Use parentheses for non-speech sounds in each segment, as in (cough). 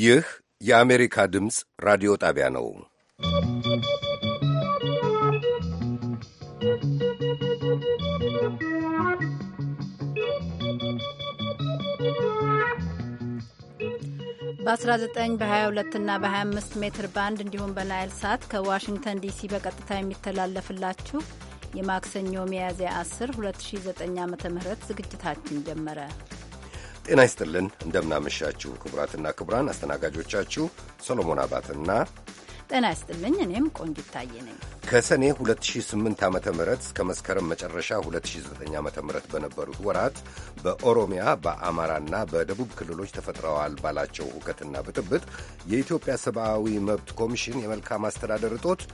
ይህ የአሜሪካ ድምፅ ራዲዮ ጣቢያ ነው። በ19 በ22 እና በ25 ሜትር ባንድ እንዲሁም በናይል ሳት ከዋሽንግተን ዲሲ በቀጥታ የሚተላለፍላችሁ የማክሰኞ ሚያዝያ 10 2009 ዓ ም ዝግጅታችን ጀመረ። ጤና ይስጥልን። እንደምናመሻችሁ ክቡራትና ክቡራን፣ አስተናጋጆቻችሁ ሰሎሞን አባትና ጤና ይስጥልኝ። እኔም ቆንጅ ይታየ ነኝ። ከሰኔ 2008 ዓ ም እስከ መስከረም መጨረሻ 2009 ዓ ም በነበሩት ወራት በኦሮሚያ በአማራና በደቡብ ክልሎች ተፈጥረዋል ባላቸው ሁከትና ብጥብጥ የኢትዮጵያ ሰብአዊ መብት ኮሚሽን የመልካም አስተዳደር እጦት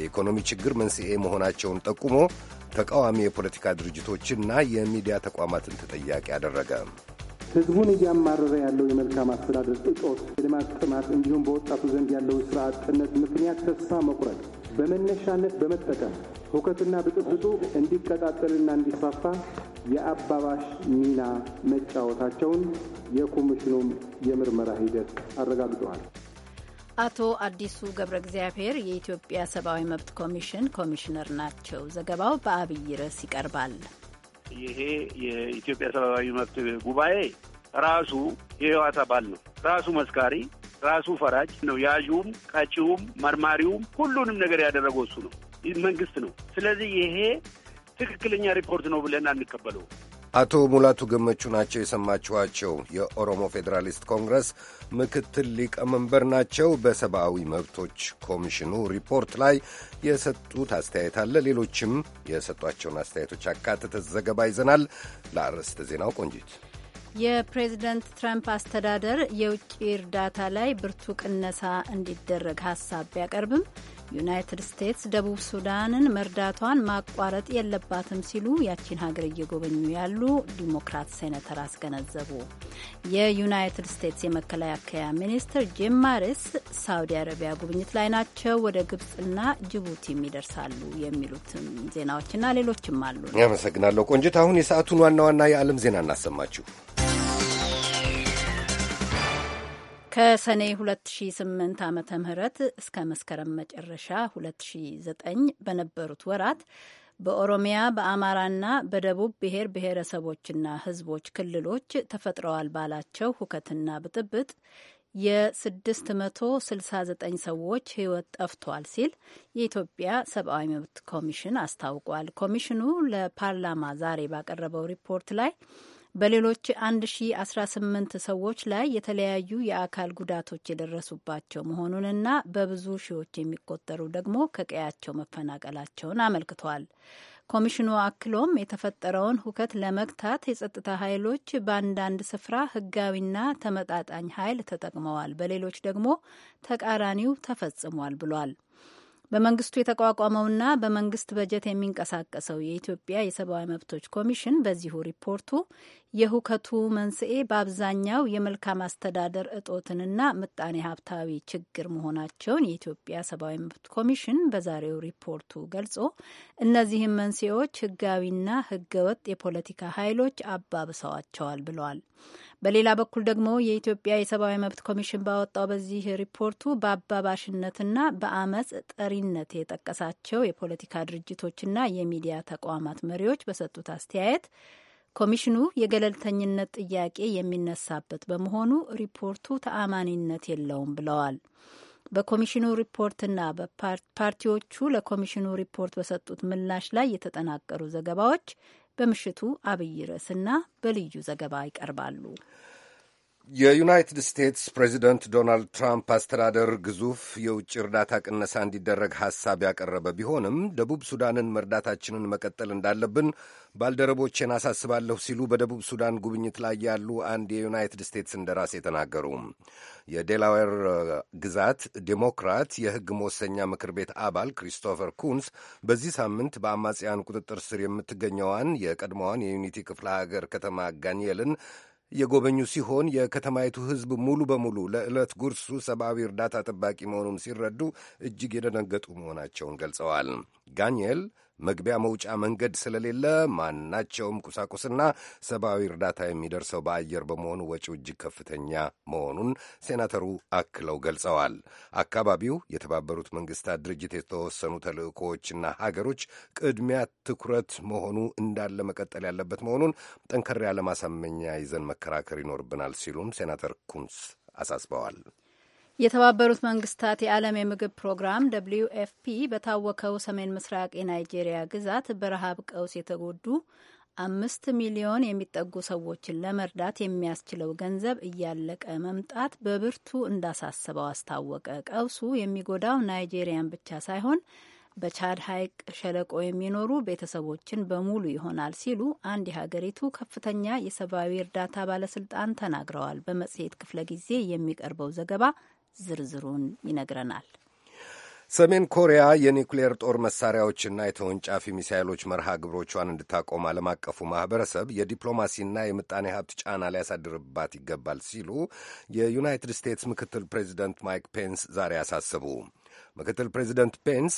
የኢኮኖሚ ችግር መንስኤ መሆናቸውን ጠቁሞ ተቃዋሚ የፖለቲካ ድርጅቶችና የሚዲያ ተቋማትን ተጠያቂ አደረገ። ህዝቡን እያማረረ ያለው የመልካም አስተዳደር እጦት፣ የልማት ጥማት እንዲሁም በወጣቱ ዘንድ ያለው ስራ አጥነት ምክንያት ተስፋ መቁረጥ በመነሻነት በመጠቀም ሁከትና ብጥብጡ እንዲቀጣጠልና እንዲስፋፋ የአባባሽ ሚና መጫወታቸውን የኮሚሽኑም የምርመራ ሂደት አረጋግጠዋል። አቶ አዲሱ ገብረ እግዚአብሔር የኢትዮጵያ ሰብአዊ መብት ኮሚሽን ኮሚሽነር ናቸው። ዘገባው በአብይ ርዕስ ይቀርባል። ይሄ የኢትዮጵያ ሰብአዊ መብት ጉባኤ ራሱ የህዋት አባል ነው። ራሱ መስካሪ፣ ራሱ ፈራጅ ነው። ያዥውም፣ ቀጪውም፣ መርማሪውም ሁሉንም ነገር ያደረገው እሱ ነው፣ መንግስት ነው። ስለዚህ ይሄ ትክክለኛ ሪፖርት ነው ብለን አንቀበለው። አቶ ሙላቱ ገመቹ ናቸው የሰማችኋቸው። የኦሮሞ ፌዴራሊስት ኮንግረስ ምክትል ሊቀመንበር ናቸው። በሰብአዊ መብቶች ኮሚሽኑ ሪፖርት ላይ የሰጡት አስተያየት አለ። ሌሎችም የሰጧቸውን አስተያየቶች አካተተ ዘገባ ይዘናል። ለአርዕስተ ዜናው ቆንጂት። የፕሬዝደንት ትራምፕ አስተዳደር የውጭ እርዳታ ላይ ብርቱ ቅነሳ እንዲደረግ ሀሳብ ቢያቀርብም ዩናይትድ ስቴትስ ደቡብ ሱዳንን መርዳቷን ማቋረጥ የለባትም ሲሉ ያቺን ሀገር እየጎበኙ ያሉ ዲሞክራት ሴኔተር አስገነዘቡ። የዩናይትድ ስቴትስ የመከላከያ ሚኒስትር ጂም ማሪስ ሳውዲ አረቢያ ጉብኝት ላይ ናቸው። ወደ ግብፅና ጅቡቲም ይደርሳሉ። የሚሉትም ዜናዎችና ሌሎችም አሉ። አመሰግናለሁ ቆንጅት። አሁን የሰዓቱን ዋና ዋና የዓለም ዜና እናሰማችሁ። ከሰኔ 2008 ዓ ምህረት እስከ መስከረም መጨረሻ 2009 በነበሩት ወራት በኦሮሚያ በአማራና በደቡብ ብሔር ብሔረሰቦችና ሕዝቦች ክልሎች ተፈጥረዋል ባላቸው ሁከትና ብጥብጥ የ669 ሰዎች ህይወት ጠፍቷል ሲል የኢትዮጵያ ሰብአዊ መብት ኮሚሽን አስታውቋል። ኮሚሽኑ ለፓርላማ ዛሬ ባቀረበው ሪፖርት ላይ በሌሎች 1018 ሰዎች ላይ የተለያዩ የአካል ጉዳቶች የደረሱባቸው መሆኑንና በብዙ ሺዎች የሚቆጠሩ ደግሞ ከቀያቸው መፈናቀላቸውን አመልክቷል። ኮሚሽኑ አክሎም የተፈጠረውን ሁከት ለመግታት የጸጥታ ኃይሎች በአንዳንድ ስፍራ ሕጋዊና ተመጣጣኝ ኃይል ተጠቅመዋል፣ በሌሎች ደግሞ ተቃራኒው ተፈጽሟል ብሏል። በመንግስቱ የተቋቋመውና በመንግስት በጀት የሚንቀሳቀሰው የኢትዮጵያ የሰብአዊ መብቶች ኮሚሽን በዚሁ ሪፖርቱ የሁከቱ መንስኤ በአብዛኛው የመልካም አስተዳደር እጦትንና ምጣኔ ሀብታዊ ችግር መሆናቸውን የኢትዮጵያ ሰብአዊ መብት ኮሚሽን በዛሬው ሪፖርቱ ገልጾ እነዚህም መንስኤዎች ህጋዊና ህገወጥ የፖለቲካ ኃይሎች አባብሰዋቸዋል ብለዋል። በሌላ በኩል ደግሞ የኢትዮጵያ የሰብአዊ መብት ኮሚሽን ባወጣው በዚህ ሪፖርቱ በአባባሽነትና በአመፅ ጠሪነት የጠቀሳቸው የፖለቲካ ድርጅቶችና የሚዲያ ተቋማት መሪዎች በሰጡት አስተያየት ኮሚሽኑ የገለልተኝነት ጥያቄ የሚነሳበት በመሆኑ ሪፖርቱ ተአማኒነት የለውም ብለዋል። በኮሚሽኑ ሪፖርትና በፓርቲዎቹ ለኮሚሽኑ ሪፖርት በሰጡት ምላሽ ላይ የተጠናቀሩ ዘገባዎች በምሽቱ አብይ ርዕስና በልዩ ዘገባ ይቀርባሉ። የዩናይትድ ስቴትስ ፕሬዚደንት ዶናልድ ትራምፕ አስተዳደር ግዙፍ የውጭ እርዳታ ቅነሳ እንዲደረግ ሐሳብ ያቀረበ ቢሆንም ደቡብ ሱዳንን መርዳታችንን መቀጠል እንዳለብን ባልደረቦቼን አሳስባለሁ ሲሉ በደቡብ ሱዳን ጉብኝት ላይ ያሉ አንድ የዩናይትድ ስቴትስ እንደራሴ ተናገሩ። የዴላዌር ግዛት ዴሞክራት የሕግ መወሰኛ ምክር ቤት አባል ክሪስቶፈር ኩንስ በዚህ ሳምንት በአማጽያን ቁጥጥር ስር የምትገኘዋን የቀድሞዋን የዩኒቲ ክፍለ ሀገር ከተማ ጋንኤልን የጎበኙ ሲሆን የከተማይቱ ሕዝብ ሙሉ በሙሉ ለዕለት ጉርሱ ሰብአዊ እርዳታ ጠባቂ መሆኑን ሲረዱ እጅግ የደነገጡ መሆናቸውን ገልጸዋል። ጋንኤል መግቢያ መውጫ መንገድ ስለሌለ ማናቸውም ቁሳቁስና ሰብአዊ እርዳታ የሚደርሰው በአየር በመሆኑ ወጪው እጅግ ከፍተኛ መሆኑን ሴናተሩ አክለው ገልጸዋል። አካባቢው የተባበሩት መንግስታት ድርጅት የተወሰኑ ተልእኮዎችና ሀገሮች ቅድሚያ ትኩረት መሆኑ እንዳለ መቀጠል ያለበት መሆኑን ጠንከር ያለ ማሳመኛ ይዘን መከራከር ይኖርብናል ሲሉም ሴናተር ኩንስ አሳስበዋል። የተባበሩት መንግስታት የዓለም የምግብ ፕሮግራም ደብልዩ ኤፍፒ በታወከው ሰሜን ምስራቅ የናይጄሪያ ግዛት በረሃብ ቀውስ የተጎዱ አምስት ሚሊዮን የሚጠጉ ሰዎችን ለመርዳት የሚያስችለው ገንዘብ እያለቀ መምጣት በብርቱ እንዳሳሰበው አስታወቀ። ቀውሱ የሚጎዳው ናይጄሪያን ብቻ ሳይሆን በቻድ ሐይቅ ሸለቆ የሚኖሩ ቤተሰቦችን በሙሉ ይሆናል ሲሉ አንድ የሀገሪቱ ከፍተኛ የሰብአዊ እርዳታ ባለስልጣን ተናግረዋል። በመጽሔት ክፍለ ጊዜ የሚቀርበው ዘገባ ዝርዝሩን ይነግረናል። ሰሜን ኮሪያ የኒውክሌር ጦር መሳሪያዎችና የተወንጫፊ ሚሳይሎች መርሃ ግብሮቿን እንድታቆም ዓለም አቀፉ ማኅበረሰብ የዲፕሎማሲና የምጣኔ ሀብት ጫና ሊያሳድርባት ይገባል ሲሉ የዩናይትድ ስቴትስ ምክትል ፕሬዚደንት ማይክ ፔንስ ዛሬ አሳሰቡ። ምክትል ፕሬዚደንት ፔንስ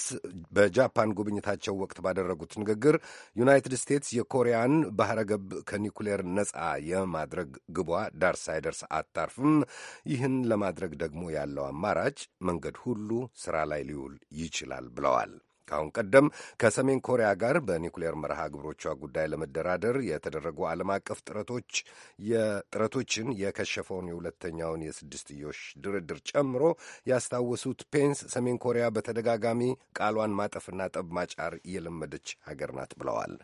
በጃፓን ጉብኝታቸው ወቅት ባደረጉት ንግግር ዩናይትድ ስቴትስ የኮሪያን ባህረ ገብ ከኒኩሌር ነፃ የማድረግ ግቧ ዳር ሳይደርስ አታርፍም፣ ይህን ለማድረግ ደግሞ ያለው አማራጭ መንገድ ሁሉ ስራ ላይ ሊውል ይችላል ብለዋል። ከአሁን ቀደም ከሰሜን ኮሪያ ጋር በኒውክሌር መርሃ ግብሮቿ ጉዳይ ለመደራደር የተደረጉ ዓለም አቀፍ ጥረቶች የጥረቶችን የከሸፈውን የሁለተኛውን የስድስትዮሽ ድርድር ጨምሮ ያስታወሱት ፔንስ ሰሜን ኮሪያ በተደጋጋሚ ቃሏን ማጠፍና ጠብ ማጫር የለመደች ሀገር ናት ብለዋል።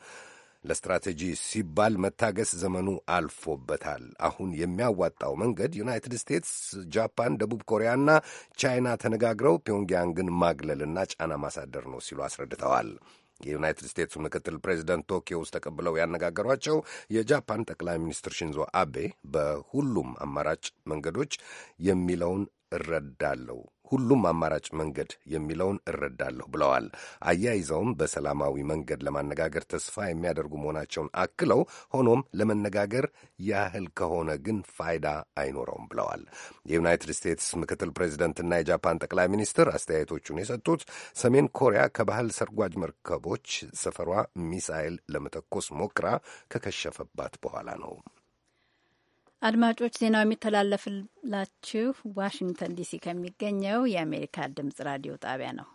ለስትራቴጂ ሲባል መታገስ ዘመኑ አልፎበታል። አሁን የሚያዋጣው መንገድ ዩናይትድ ስቴትስ፣ ጃፓን፣ ደቡብ ኮሪያና ቻይና ተነጋግረው ፒዮንግያንግን ማግለልና ጫና ማሳደር ነው ሲሉ አስረድተዋል። የዩናይትድ ስቴትሱ ምክትል ፕሬዚደንት ቶኪዮ ውስጥ ተቀብለው ያነጋገሯቸው የጃፓን ጠቅላይ ሚኒስትር ሽንዞ አቤ በሁሉም አማራጭ መንገዶች የሚለውን እረዳለሁ ሁሉም አማራጭ መንገድ የሚለውን እረዳለሁ ብለዋል። አያይዘውም በሰላማዊ መንገድ ለማነጋገር ተስፋ የሚያደርጉ መሆናቸውን አክለው ሆኖም ለመነጋገር ያህል ከሆነ ግን ፋይዳ አይኖረውም ብለዋል። የዩናይትድ ስቴትስ ምክትል ፕሬዚደንትና የጃፓን ጠቅላይ ሚኒስትር አስተያየቶቹን የሰጡት ሰሜን ኮሪያ ከባህል ሰርጓጅ መርከቦች ሰፈሯ ሚሳይል ለመተኮስ ሞክራ ከከሸፈባት በኋላ ነው። አድማጮች ዜናው የሚተላለፍላችሁ ዋሽንግተን ዲሲ ከሚገኘው የአሜሪካ ድምጽ ራዲዮ ጣቢያ ነው።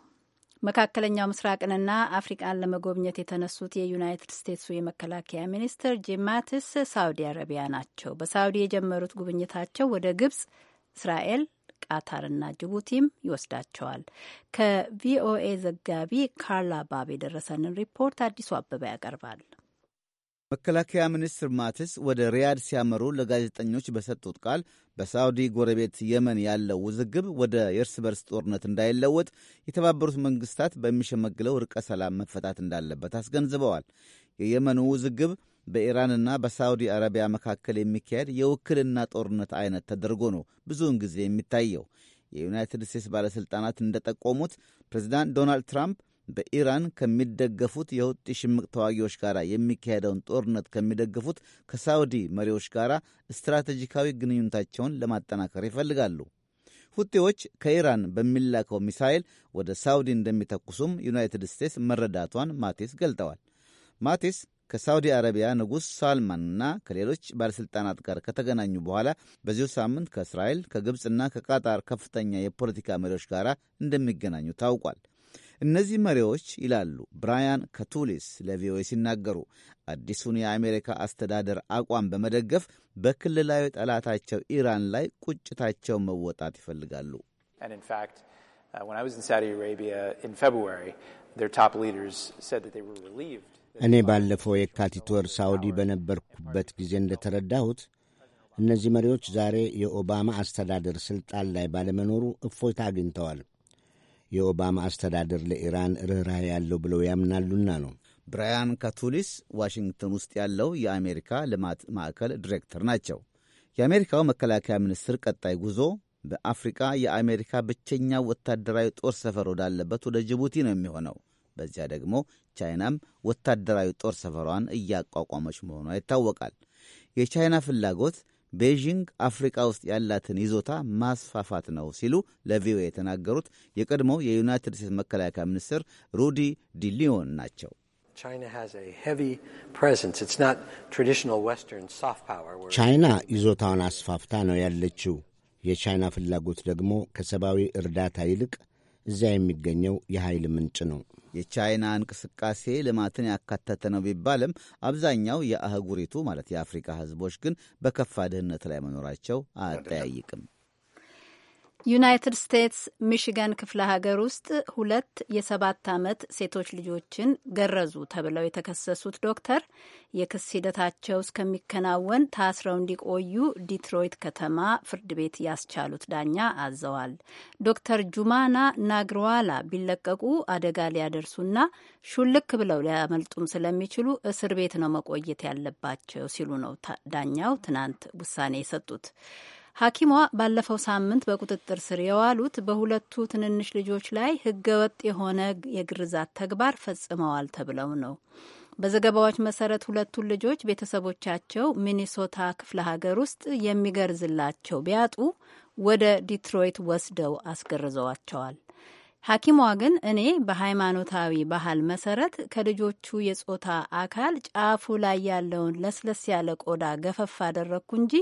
መካከለኛው ምስራቅንና አፍሪቃን ለመጎብኘት የተነሱት የዩናይትድ ስቴትሱ የመከላከያ ሚኒስትር ጂም ማቲስ ሳውዲ አረቢያ ናቸው። በሳውዲ የጀመሩት ጉብኝታቸው ወደ ግብጽ፣ እስራኤል፣ ቃታርና ጅቡቲም ይወስዳቸዋል። ከቪኦኤ ዘጋቢ ካርላ ባብ የደረሰንን ሪፖርት አዲሱ አበባ ያቀርባል። መከላከያ ሚኒስትር ማቲስ ወደ ሪያድ ሲያመሩ ለጋዜጠኞች በሰጡት ቃል በሳውዲ ጎረቤት የመን ያለው ውዝግብ ወደ የእርስ በርስ ጦርነት እንዳይለወጥ የተባበሩት መንግስታት በሚሸመግለው ርቀ ሰላም መፈታት እንዳለበት አስገንዝበዋል። የየመኑ ውዝግብ በኢራንና በሳውዲ አረቢያ መካከል የሚካሄድ የውክልና ጦርነት አይነት ተደርጎ ነው ብዙውን ጊዜ የሚታየው። የዩናይትድ ስቴትስ ባለሥልጣናት እንደጠቆሙት ፕሬዚዳንት ዶናልድ ትራምፕ በኢራን ከሚደገፉት የሁጢ ሽምቅ ተዋጊዎች ጋር የሚካሄደውን ጦርነት ከሚደግፉት ከሳውዲ መሪዎች ጋር ስትራቴጂካዊ ግንኙነታቸውን ለማጠናከር ይፈልጋሉ። ሁጤዎች ከኢራን በሚላከው ሚሳይል ወደ ሳውዲ እንደሚተኩሱም ዩናይትድ ስቴትስ መረዳቷን ማቲስ ገልጠዋል። ማቲስ ከሳውዲ አረቢያ ንጉሥ ሳልማንና ከሌሎች ባለሥልጣናት ጋር ከተገናኙ በኋላ በዚሁ ሳምንት ከእስራኤል ከግብፅና ከቃጣር ከፍተኛ የፖለቲካ መሪዎች ጋር እንደሚገናኙ ታውቋል። እነዚህ መሪዎች ይላሉ ብራያን ከቱሊስ ለቪኦኤ ሲናገሩ፣ አዲሱን የአሜሪካ አስተዳደር አቋም በመደገፍ በክልላዊ ጠላታቸው ኢራን ላይ ቁጭታቸውን መወጣት ይፈልጋሉ። uh, እኔ ባለፈው የካቲት ወር ሳውዲ በነበርኩበት ጊዜ እንደተረዳሁት እነዚህ መሪዎች ዛሬ የኦባማ አስተዳደር ስልጣን ላይ ባለመኖሩ እፎይታ አግኝተዋል። የኦባማ አስተዳደር ለኢራን ርኅራኄ ያለው ብለው ያምናሉና ነው። ብራያን ካቱሊስ ዋሽንግተን ውስጥ ያለው የአሜሪካ ልማት ማዕከል ዲሬክተር ናቸው። የአሜሪካው መከላከያ ሚኒስትር ቀጣይ ጉዞ በአፍሪቃ የአሜሪካ ብቸኛ ወታደራዊ ጦር ሰፈር ወዳለበት ወደ ጅቡቲ ነው የሚሆነው። በዚያ ደግሞ ቻይናም ወታደራዊ ጦር ሰፈሯን እያቋቋመች መሆኗ ይታወቃል። የቻይና ፍላጎት ቤዢንግ አፍሪቃ ውስጥ ያላትን ይዞታ ማስፋፋት ነው ሲሉ ለቪኦኤ የተናገሩት የቀድሞው የዩናይትድ ስቴትስ መከላከያ ሚኒስትር ሩዲ ዲሊዮን ናቸው። ቻይና ይዞታውን አስፋፍታ ነው ያለችው። የቻይና ፍላጎት ደግሞ ከሰብአዊ እርዳታ ይልቅ እዚያ የሚገኘው የኃይል ምንጭ ነው። የቻይና እንቅስቃሴ ልማትን ያካተተ ነው ቢባልም አብዛኛው የአህጉሪቱ ማለት የአፍሪካ ህዝቦች ግን በከፋ ድህነት ላይ መኖራቸው አያጠያይቅም። ዩናይትድ ስቴትስ ሚሽጋን ክፍለ ሀገር ውስጥ ሁለት የሰባት ዓመት ሴቶች ልጆችን ገረዙ ተብለው የተከሰሱት ዶክተር የክስ ሂደታቸው እስከሚከናወን ታስረው እንዲቆዩ ዲትሮይት ከተማ ፍርድ ቤት ያስቻሉት ዳኛ አዘዋል። ዶክተር ጁማና ናግሮዋላ ቢለቀቁ አደጋ ሊያደርሱና ሹልክ ብለው ሊያመልጡም ስለሚችሉ እስር ቤት ነው መቆየት ያለባቸው ሲሉ ነው ዳኛው ትናንት ውሳኔ የሰጡት። ሐኪሟ ባለፈው ሳምንት በቁጥጥር ስር የዋሉት በሁለቱ ትንንሽ ልጆች ላይ ህገወጥ የሆነ የግርዛት ተግባር ፈጽመዋል ተብለው ነው። በዘገባዎች መሰረት ሁለቱን ልጆች ቤተሰቦቻቸው ሚኒሶታ ክፍለ ሀገር ውስጥ የሚገርዝላቸው ቢያጡ ወደ ዲትሮይት ወስደው አስገርዘዋቸዋል። ሐኪሟ ግን እኔ በሃይማኖታዊ ባህል መሰረት ከልጆቹ የጾታ አካል ጫፉ ላይ ያለውን ለስለስ ያለ ቆዳ ገፈፍ አደረግኩ እንጂ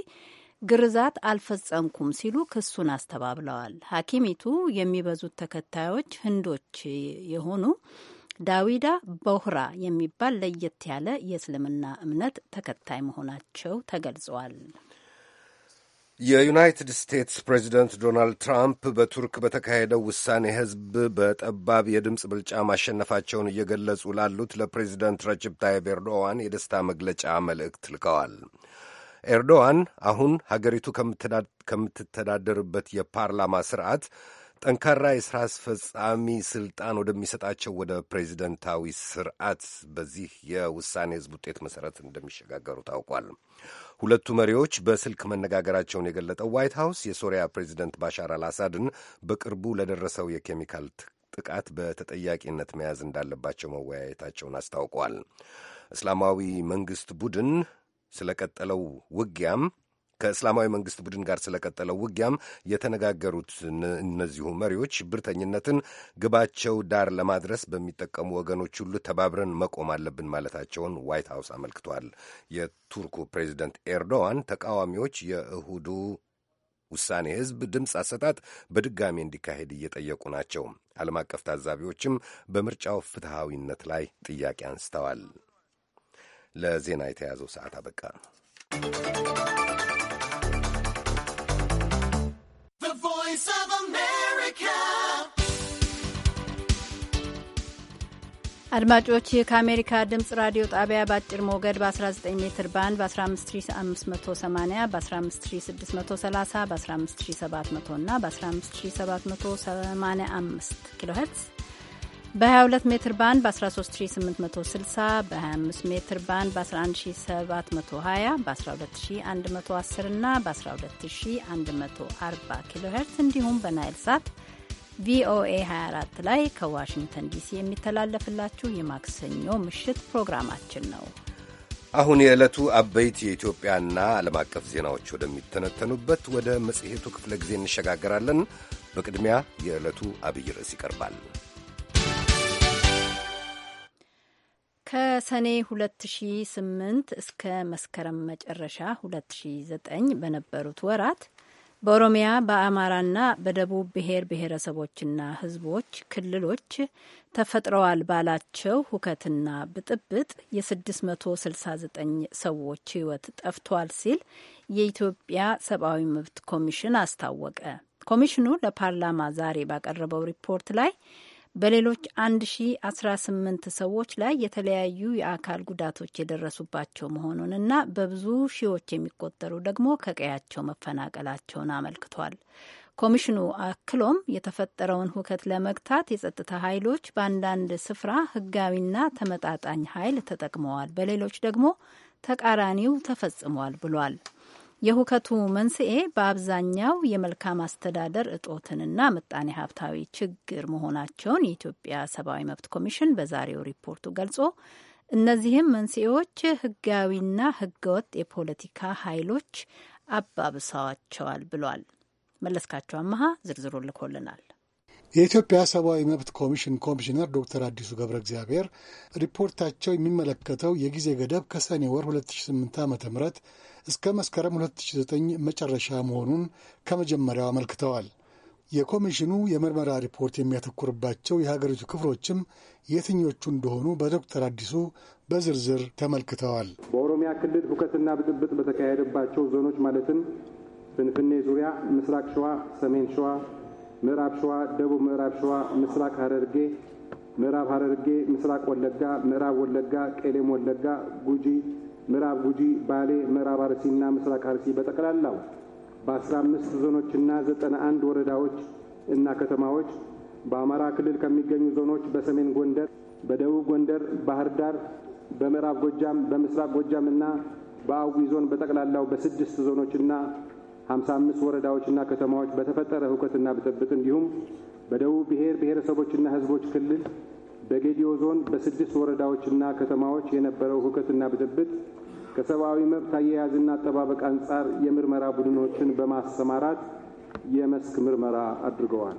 ግርዛት አልፈጸምኩም ሲሉ ክሱን አስተባብለዋል። ሐኪሚቱ የሚበዙት ተከታዮች ህንዶች የሆኑ ዳዊዳ በሁራ የሚባል ለየት ያለ የእስልምና እምነት ተከታይ መሆናቸው ተገልጿል። የዩናይትድ ስቴትስ ፕሬዚደንት ዶናልድ ትራምፕ በቱርክ በተካሄደው ውሳኔ ህዝብ በጠባብ የድምፅ ብልጫ ማሸነፋቸውን እየገለጹ ላሉት ለፕሬዚደንት ረጅብ ታይብ ኤርዶዋን የደስታ መግለጫ መልእክት ልከዋል። ኤርዶዋን አሁን ሀገሪቱ ከምትተዳደርበት የፓርላማ ስርዓት ጠንካራ የሥራ አስፈጻሚ ሥልጣን ወደሚሰጣቸው ወደ ፕሬዚደንታዊ ስርዓት በዚህ የውሳኔ ሕዝብ ውጤት መሠረት እንደሚሸጋገሩ ታውቋል። ሁለቱ መሪዎች በስልክ መነጋገራቸውን የገለጠው ዋይት ሀውስ የሶሪያ ፕሬዚደንት ባሻር አልአሳድን በቅርቡ ለደረሰው የኬሚካል ጥቃት በተጠያቂነት መያዝ እንዳለባቸው መወያየታቸውን አስታውቋል። እስላማዊ መንግሥት ቡድን ስለቀጠለው ውጊያም ከእስላማዊ መንግስት ቡድን ጋር ስለቀጠለው ውጊያም የተነጋገሩት እነዚሁ መሪዎች ሽብርተኝነትን ግባቸው ዳር ለማድረስ በሚጠቀሙ ወገኖች ሁሉ ተባብረን መቆም አለብን ማለታቸውን ዋይት ሀውስ አመልክቷል። የቱርኩ ፕሬዚደንት ኤርዶዋን ተቃዋሚዎች የእሁዱ ውሳኔ ህዝብ ድምፅ አሰጣጥ በድጋሚ እንዲካሄድ እየጠየቁ ናቸው። ዓለም አቀፍ ታዛቢዎችም በምርጫው ፍትሐዊነት ላይ ጥያቄ አንስተዋል። ለዜና የተያዘው ሰዓት አበቃ። አድማጮች ይህ ከአሜሪካ ድምጽ ራዲዮ ጣቢያ በአጭር ሞገድ በ19 ሜትር ባንድ በ15580 በ15630 በ15700 እና በ15785 ኪሎ ሄርትስ በ22 ሜትር ባንድ በ13860 በ25 ሜትር ባንድ በ11720 በ12110 እና በ12140 ኪሎ ሄርትስ እንዲሁም በናይል ሳት ቪኦኤ 24 ላይ ከዋሽንግተን ዲሲ የሚተላለፍላችሁ የማክሰኞ ምሽት ፕሮግራማችን ነው። አሁን የዕለቱ አበይት የኢትዮጵያና ዓለም አቀፍ ዜናዎች ወደሚተነተኑበት ወደ መጽሔቱ ክፍለ ጊዜ እንሸጋገራለን። በቅድሚያ የዕለቱ አብይ ርዕስ ይቀርባል። ከሰኔ 2008 እስከ መስከረም መጨረሻ 2009 በነበሩት ወራት በኦሮሚያ በአማራና በደቡብ ብሔር ብሔረሰቦችና ሕዝቦች ክልሎች ተፈጥረዋል ባላቸው ሁከትና ብጥብጥ የ669 ሰዎች ሕይወት ጠፍቷል ሲል የኢትዮጵያ ሰብአዊ መብት ኮሚሽን አስታወቀ። ኮሚሽኑ ለፓርላማ ዛሬ ባቀረበው ሪፖርት ላይ በሌሎች 1018 ሰዎች ላይ የተለያዩ የአካል ጉዳቶች የደረሱባቸው መሆኑንና በብዙ ሺዎች የሚቆጠሩ ደግሞ ከቀያቸው መፈናቀላቸውን አመልክቷል። ኮሚሽኑ አክሎም የተፈጠረውን ሁከት ለመግታት የጸጥታ ኃይሎች በአንዳንድ ስፍራ ህጋዊና ተመጣጣኝ ኃይል ተጠቅመዋል፣ በሌሎች ደግሞ ተቃራኒው ተፈጽሟል ብሏል። የሁከቱ መንስኤ በአብዛኛው የመልካም አስተዳደር እጦትንና ምጣኔ ሀብታዊ ችግር መሆናቸውን የኢትዮጵያ ሰብአዊ መብት ኮሚሽን በዛሬው ሪፖርቱ ገልጾ እነዚህም መንስኤዎች ህጋዊና ህገወጥ የፖለቲካ ኃይሎች አባብሰዋቸዋል ብሏል። መለስካቸው አመሀ ዝርዝሩ ልኮልናል። የኢትዮጵያ ሰብአዊ መብት ኮሚሽን ኮሚሽነር ዶክተር አዲሱ ገብረ እግዚአብሔር ሪፖርታቸው የሚመለከተው የጊዜ ገደብ ከሰኔ ወር 2008 ዓ ም እስከ መስከረም 2009 መጨረሻ መሆኑን ከመጀመሪያው አመልክተዋል። የኮሚሽኑ የምርመራ ሪፖርት የሚያተኩርባቸው የሀገሪቱ ክፍሎችም የትኞቹ እንደሆኑ በዶክተር አዲሱ በዝርዝር ተመልክተዋል። በኦሮሚያ ክልል ሁከትና ብጥብጥ በተካሄደባቸው ዞኖች ማለትም ፍንፍኔ ዙሪያ፣ ምስራቅ ሸዋ፣ ሰሜን ሸዋ ምዕራብ ሸዋ፣ ደቡብ ምዕራብ ሸዋ፣ ምስራቅ ሐረርጌ፣ ምዕራብ ሐረርጌ፣ ምስራቅ ወለጋ፣ ምዕራብ ወለጋ፣ ቄሌም ወለጋ፣ ጉጂ፣ ምዕራብ ጉጂ፣ ባሌ፣ ምዕራብ አርሲና ምስራቅ አርሲ በጠቅላላው በ15 ዞኖችና 91 ወረዳዎች እና ከተማዎች በአማራ ክልል ከሚገኙ ዞኖች በሰሜን ጎንደር፣ በደቡብ ጎንደር፣ ባህር ዳር፣ በምዕራብ ጎጃም፣ በምስራቅ ጎጃም እና በአዊ ዞን በጠቅላላው በስድስት ዞኖችና አምስት ወረዳዎችና ከተማዎች በተፈጠረ እውቀትና ብጥብጥ እንዲሁም በደቡብ ብሔር ብሔረሰቦችና ህዝቦች ክልል በጌዲዮ ዞን በስድስት ወረዳዎችና ከተማዎች የነበረው እውቀትና ብጥብጥ ከሰብአዊ መብት አያያዝና አጠባበቅ አንጻር የምርመራ ቡድኖችን በማሰማራት የመስክ ምርመራ አድርገዋል።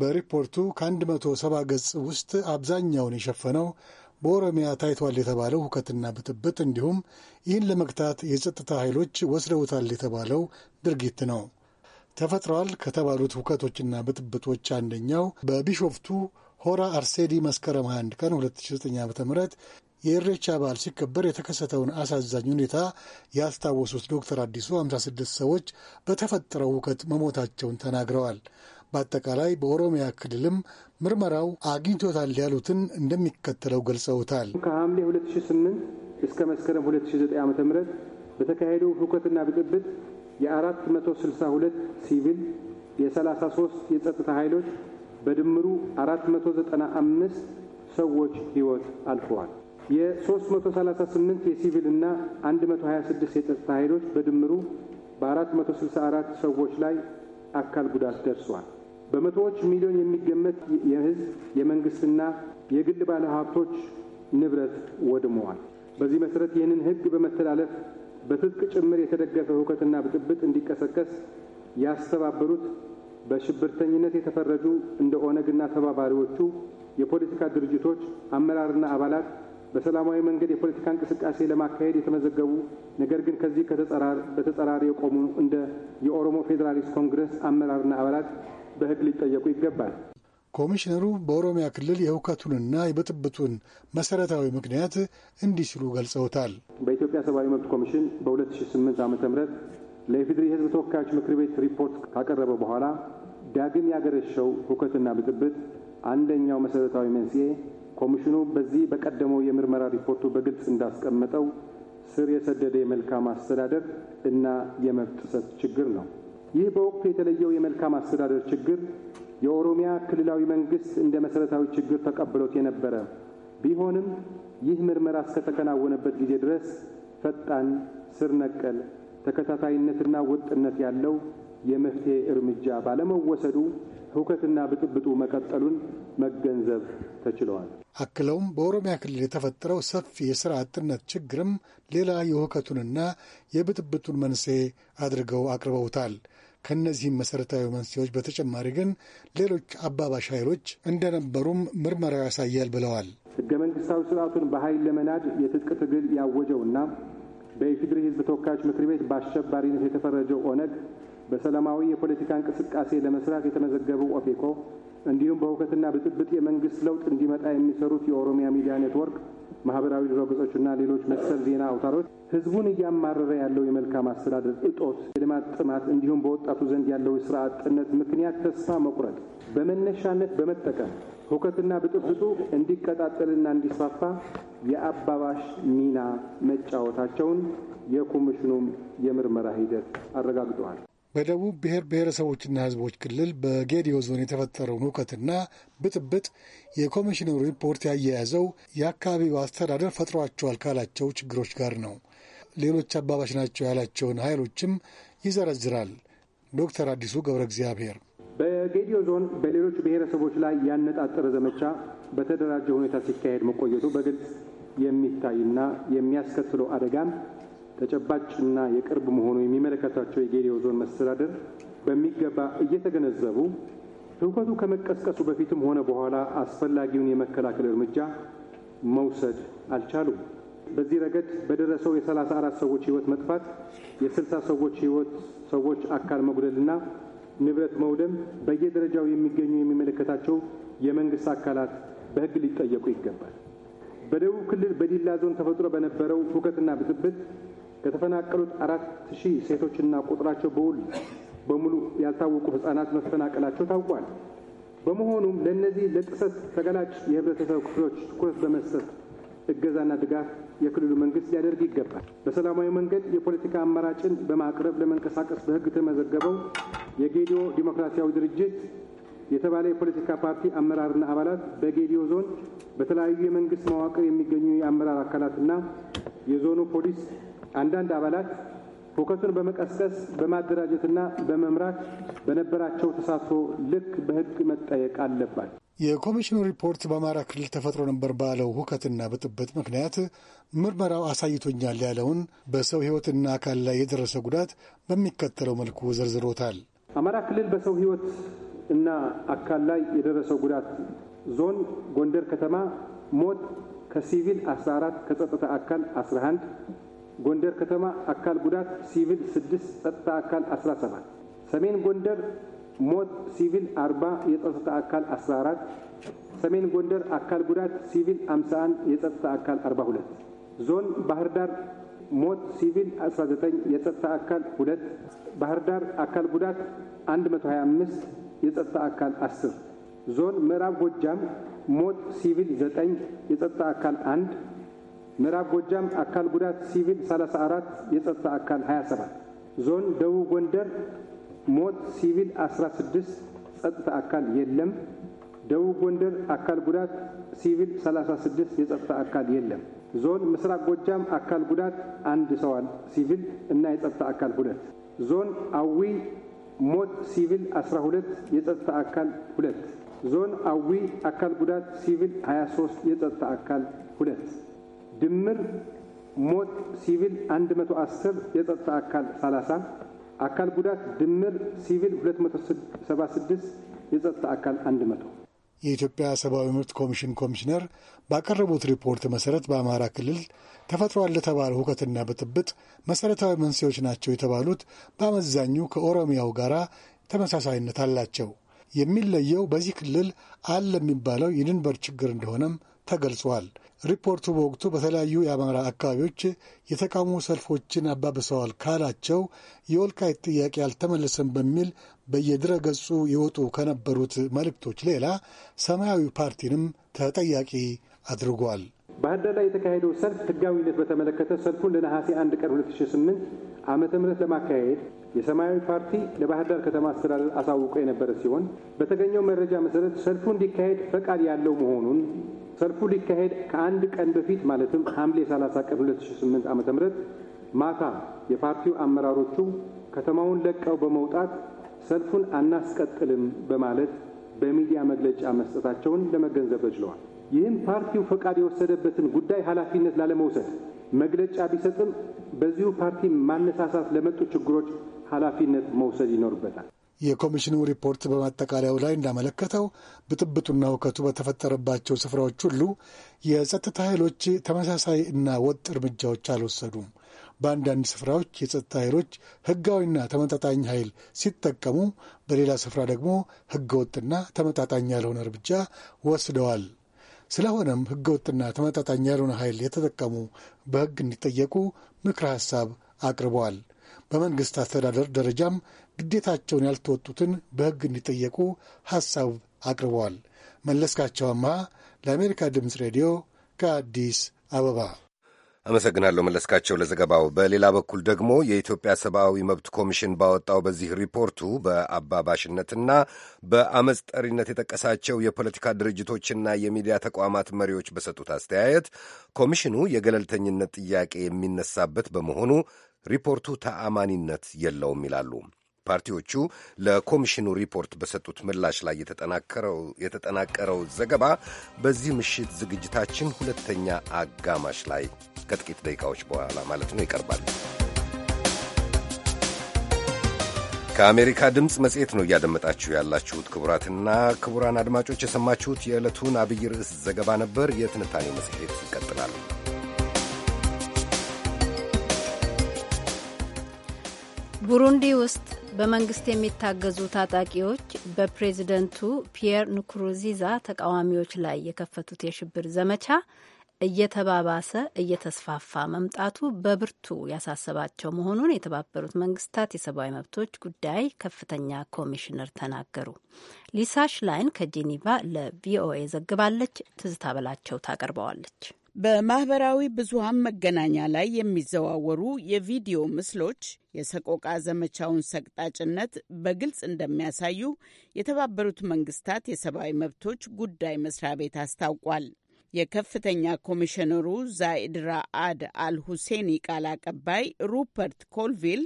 በሪፖርቱ ከ170 ገጽ ውስጥ አብዛኛውን የሸፈነው በኦሮሚያ ታይቷል የተባለው ሁከትና ብጥብጥ እንዲሁም ይህን ለመግታት የጸጥታ ኃይሎች ወስደውታል የተባለው ድርጊት ነው። ተፈጥረዋል ከተባሉት ሁከቶችና ብጥብጦች አንደኛው በቢሾፍቱ ሆራ አርሴዲ መስከረም 21 ቀን 2009 ዓ ም የእሬቻ በዓል ሲከበር የተከሰተውን አሳዛኝ ሁኔታ ያስታወሱት ዶክተር አዲሱ 56 ሰዎች በተፈጠረው ሁከት መሞታቸውን ተናግረዋል። በአጠቃላይ በኦሮሚያ ክልልም ምርመራው አግኝቶታል ያሉትን እንደሚከተለው ገልጸውታል። ከሐምሌ 2008 እስከ መስከረም 2009 ዓ ም በተካሄደው ሁከትና ብጥብጥ የ462 ሲቪል የ33 የጸጥታ ኃይሎች በድምሩ 495 ሰዎች ሕይወት አልፈዋል። የ338 የሲቪል እና 126 የጸጥታ ኃይሎች በድምሩ በ464 ሰዎች ላይ አካል ጉዳት ደርሷል። በመቶዎች ሚሊዮን የሚገመት የሕዝብ የመንግስትና የግል ባለሀብቶች ንብረት ወድመዋል። በዚህ መሠረት ይህንን ሕግ በመተላለፍ በትጥቅ ጭምር የተደገፈ ሁከትና ብጥብጥ እንዲቀሰቀስ ያስተባበሩት በሽብርተኝነት የተፈረጁ እንደ ኦነግና ተባባሪዎቹ የፖለቲካ ድርጅቶች አመራርና አባላት በሰላማዊ መንገድ የፖለቲካ እንቅስቃሴ ለማካሄድ የተመዘገቡ ነገር ግን ከዚህ በተጸራሪ የቆሙ እንደ የኦሮሞ ፌዴራሊስት ኮንግረስ አመራርና አባላት በሕግ ሊጠየቁ ይገባል። ኮሚሽነሩ በኦሮሚያ ክልል የሁከቱንና የብጥብጡን መሰረታዊ ምክንያት እንዲህ ሲሉ ገልጸውታል። በኢትዮጵያ ሰብአዊ መብት ኮሚሽን በ2008 ዓ ም ለኢፌዴሪ ሕዝብ ተወካዮች ምክር ቤት ሪፖርት ካቀረበ በኋላ ዳግም ያገረሸው ሁከትና ብጥብጥ አንደኛው መሰረታዊ መንስኤ ኮሚሽኑ በዚህ በቀደመው የምርመራ ሪፖርቱ በግልጽ እንዳስቀመጠው ስር የሰደደ የመልካም አስተዳደር እና የመብት ጥሰት ችግር ነው። ይህ በወቅቱ የተለየው የመልካም አስተዳደር ችግር የኦሮሚያ ክልላዊ መንግስት እንደ መሰረታዊ ችግር ተቀብሎት የነበረ ቢሆንም ይህ ምርመራ እስከተከናወነበት ጊዜ ድረስ ፈጣን፣ ስር ነቀል፣ ተከታታይነትና ወጥነት ያለው የመፍትሄ እርምጃ ባለመወሰዱ ሁከትና ብጥብጡ መቀጠሉን መገንዘብ ተችለዋል። አክለውም በኦሮሚያ ክልል የተፈጠረው ሰፊ የሥራ አጥነት ችግርም ሌላ የሁከቱንና የብጥብጡን መንስኤ አድርገው አቅርበውታል። ከእነዚህም መሠረታዊ መንስኤዎች በተጨማሪ ግን ሌሎች አባባሽ ኃይሎች እንደነበሩም ምርመራው ያሳያል ብለዋል። ህገ መንግስታዊ ስርዓቱን በኃይል ለመናድ የትጥቅ ትግል ያወጀውና በኢፌዴሪ ህዝብ ተወካዮች ምክር ቤት በአሸባሪነት የተፈረጀው ኦነግ በሰላማዊ የፖለቲካ እንቅስቃሴ ለመስራት የተመዘገበው ኦፌኮ እንዲሁም በሁከትና ብጥብጥ የመንግስት ለውጥ እንዲመጣ የሚሰሩት የኦሮሚያ ሚዲያ ኔትወርክ፣ ማህበራዊ ድረገጾችና ሌሎች መሰል ዜና አውታሮች ህዝቡን እያማረረ ያለው የመልካም አስተዳደር እጦት፣ የልማት ጥማት እንዲሁም በወጣቱ ዘንድ ያለው የስራ አጥነት ምክንያት ተስፋ መቁረጥ በመነሻነት በመጠቀም ሁከትና ብጥብጡ እንዲቀጣጠልና እንዲስፋፋ የአባባሽ ሚና መጫወታቸውን የኮሚሽኑም የምርመራ ሂደት አረጋግጠዋል። በደቡብ ብሔር ብሔረሰቦችና ሕዝቦች ክልል በጌዲዮ ዞን የተፈጠረውን ሁከትና ብጥብጥ የኮሚሽኑ ሪፖርት ያያያዘው የአካባቢው አስተዳደር ፈጥሯቸዋል ካላቸው ችግሮች ጋር ነው። ሌሎች አባባሽ ናቸው ያላቸውን ኃይሎችም ይዘረዝራል። ዶክተር አዲሱ ገብረ እግዚአብሔር በጌዲዮ ዞን በሌሎች ብሔረሰቦች ላይ ያነጣጠረ ዘመቻ በተደራጀ ሁኔታ ሲካሄድ መቆየቱ በግልጽ የሚታይና የሚያስከትለው አደጋም ተጨባጭና የቅርብ መሆኑ የሚመለከታቸው የጌዲዮ ዞን መስተዳደር በሚገባ እየተገነዘቡ ህውከቱ ከመቀስቀሱ በፊትም ሆነ በኋላ አስፈላጊውን የመከላከል እርምጃ መውሰድ አልቻሉም። በዚህ ረገድ በደረሰው የ34 ሰዎች ህይወት መጥፋት፣ የ60 ሰዎች ህይወት ሰዎች አካል መጉደልና ንብረት መውደም በየደረጃው የሚገኙ የሚመለከታቸው የመንግስት አካላት በህግ ሊጠየቁ ይገባል። በደቡብ ክልል በዲላ ዞን ተፈጥሮ በነበረው ሁከትና ብጥብጥ ከተፈናቀሉት አራት ሺህ ሴቶችና ቁጥራቸው በውል በሙሉ ያልታወቁ ህጻናት መፈናቀላቸው ታውቋል። በመሆኑም ለእነዚህ ለጥሰት ተገላጭ የህብረተሰብ ክፍሎች ትኩረት በመስጠት እገዛና ድጋፍ የክልሉ መንግስት ሊያደርግ ይገባል። በሰላማዊ መንገድ የፖለቲካ አማራጭን በማቅረብ ለመንቀሳቀስ በህግ የተመዘገበው የጌዲዮ ዲሞክራሲያዊ ድርጅት የተባለ የፖለቲካ ፓርቲ አመራርና አባላት በጌዲዮ ዞን በተለያዩ የመንግስት መዋቅር የሚገኙ የአመራር አካላትና የዞኑ ፖሊስ አንዳንድ አባላት ሁከቱን በመቀስቀስ በማደራጀትና በመምራት በነበራቸው ተሳትፎ ልክ በሕግ መጠየቅ አለባቸው። የኮሚሽኑ ሪፖርት በአማራ ክልል ተፈጥሮ ነበር ባለው ሁከትና ብጥብጥ ምክንያት ምርመራው አሳይቶኛል ያለውን በሰው ሕይወትና አካል ላይ የደረሰ ጉዳት በሚከተለው መልኩ ዘርዝሮታል። አማራ ክልል በሰው ሕይወት እና አካል ላይ የደረሰው ጉዳት ዞን ጎንደር ከተማ ሞት ከሲቪል 14 ከጸጥታ አካል 11 ጎንደር ከተማ አካል ጉዳት ሲቪል ስድስት ጸጥታ አካል 17 ሰሜን ጎንደር ሞት ሲቪል 40 የጸጥታ አካል 14 ሰሜን ጎንደር አካል ጉዳት ሲቪል 51 የጸጥታ አካል 42 ዞን ባህር ዳር ሞት ሲቪል 19 የጸጥታ አካል 2 ባህር ዳር አካል ጉዳት 125 የጸጥታ አካል 10 ዞን ምዕራብ ጎጃም ሞት ሲቪል 9 የጸጥታ አካል 1 ምዕራብ ጎጃም አካል ጉዳት ሲቪል 34 የጸጥታ አካል 27 ዞን ደቡብ ጎንደር ሞት ሲቪል 16 ጸጥታ አካል የለም ደቡብ ጎንደር አካል ጉዳት ሲቪል 36 የጸጥታ አካል የለም ዞን ምስራቅ ጎጃም አካል ጉዳት አንድ ሰዋል ሲቪል እና የጸጥታ አካል ሁለት ዞን አዊ ሞት ሲቪል 12 የጸጥታ አካል ሁለት ዞን አዊ አካል ጉዳት ሲቪል 23 የጸጥታ አካል ሁለት ድምር ሞት ሲቪል 110 የጸጥታ አካል 30 አካል ጉዳት ድምር ሲቪል 276 የጸጥታ አካል 100። የኢትዮጵያ ሰብአዊ መብት ኮሚሽን ኮሚሽነር ባቀረቡት ሪፖርት መሰረት በአማራ ክልል ተፈጥሯል ለተባለ ሁከትና ብጥብጥ መሰረታዊ መንስኤዎች ናቸው የተባሉት በአመዛኙ ከኦሮሚያው ጋር ተመሳሳይነት አላቸው። የሚለየው በዚህ ክልል አለ የሚባለው የድንበር ችግር እንደሆነም ተገልጿል። ሪፖርቱ በወቅቱ በተለያዩ የአማራ አካባቢዎች የተቃውሞ ሰልፎችን አባብሰዋል ካላቸው የወልቃይት ጥያቄ አልተመለሰም በሚል በየድረ ገጹ የወጡ ከነበሩት መልእክቶች ሌላ ሰማያዊ ፓርቲንም ተጠያቂ አድርጓል። ባህር ዳር ላይ የተካሄደው ሰልፍ ህጋዊነት በተመለከተ ሰልፉን ለነሐሴ 1 ቀን 2008 ዓመተ ምህረት ለማካሄድ የሰማያዊ ፓርቲ ለባህር ዳር ከተማ አስተዳደር አሳውቆ የነበረ ሲሆን በተገኘው መረጃ መሰረት ሰልፉ እንዲካሄድ ፈቃድ ያለው መሆኑን ሰልፉ ሊካሄድ ከአንድ ቀን በፊት ማለትም ሐምሌ 30 ቀን 2008 ዓ ም ማታ የፓርቲው አመራሮቹ ከተማውን ለቀው በመውጣት ሰልፉን አናስቀጥልም በማለት በሚዲያ መግለጫ መስጠታቸውን ለመገንዘብ ተችለዋል። ይህም ፓርቲው ፈቃድ የወሰደበትን ጉዳይ ኃላፊነት ላለመውሰድ መግለጫ ቢሰጥም በዚሁ ፓርቲ ማነሳሳት ለመጡ ችግሮች ኃላፊነት መውሰድ ይኖርበታል። የኮሚሽኑ ሪፖርት በማጠቃለያው ላይ እንዳመለከተው ብጥብጡና እውከቱ በተፈጠረባቸው ስፍራዎች ሁሉ የጸጥታ ኃይሎች ተመሳሳይ እና ወጥ እርምጃዎች አልወሰዱም። በአንዳንድ ስፍራዎች የጸጥታ ኃይሎች ህጋዊና ተመጣጣኝ ኃይል ሲጠቀሙ፣ በሌላ ስፍራ ደግሞ ህገወጥና ተመጣጣኝ ያልሆነ እርምጃ ወስደዋል። ስለሆነም ወጥና ተመጣጣኝ ያልሆነ ኃይል የተጠቀሙ በህግ እንዲጠየቁ ምክረ ሐሳብ አቅርበዋል። በመንግሥት አስተዳደር ደረጃም ግዴታቸውን ያልተወጡትን በሕግ እንዲጠየቁ ሐሳብ አቅርበዋል። መለስካቸው አምሃ ለአሜሪካ ድምፅ ሬዲዮ ከአዲስ አበባ አመሰግናለሁ መለስካቸው ለዘገባው። በሌላ በኩል ደግሞ የኢትዮጵያ ሰብአዊ መብት ኮሚሽን ባወጣው በዚህ ሪፖርቱ በአባባሽነትና በአመፅ ጠሪነት የጠቀሳቸው የፖለቲካ ድርጅቶችና የሚዲያ ተቋማት መሪዎች በሰጡት አስተያየት ኮሚሽኑ የገለልተኝነት ጥያቄ የሚነሳበት በመሆኑ ሪፖርቱ ተአማኒነት የለውም ይላሉ። ፓርቲዎቹ ለኮሚሽኑ ሪፖርት በሰጡት ምላሽ ላይ የተጠናቀረው ዘገባ በዚህ ምሽት ዝግጅታችን ሁለተኛ አጋማሽ ላይ ከጥቂት ደቂቃዎች በኋላ ማለት ነው ይቀርባል። ከአሜሪካ ድምፅ መጽሔት ነው እያደመጣችሁ ያላችሁት። ክቡራትና ክቡራን አድማጮች የሰማችሁት የዕለቱን አብይ ርዕስ ዘገባ ነበር። የትንታኔው መጽሔት ይቀጥላል። ቡሩንዲ ውስጥ በመንግስት የሚታገዙ ታጣቂዎች በፕሬዝደንቱ ፒየር ንኩሩዚዛ ተቃዋሚዎች ላይ የከፈቱት የሽብር ዘመቻ እየተባባሰ እየተስፋፋ መምጣቱ በብርቱ ያሳሰባቸው መሆኑን የተባበሩት መንግስታት የሰብአዊ መብቶች ጉዳይ ከፍተኛ ኮሚሽነር ተናገሩ። ሊሳ ሽላይን ከጄኒቫ ለቪኦኤ ዘግባለች። ትዝታ በላቸው ታቀርበዋለች። በማህበራዊ ብዙሃን መገናኛ ላይ የሚዘዋወሩ የቪዲዮ ምስሎች የሰቆቃ ዘመቻውን ሰቅጣጭነት በግልጽ እንደሚያሳዩ የተባበሩት መንግስታት የሰብአዊ መብቶች ጉዳይ መስሪያ ቤት አስታውቋል። የከፍተኛ ኮሚሽነሩ ዛኢድ ራአድ አልሁሴኒ ቃል አቀባይ ሩፐርት ኮልቪል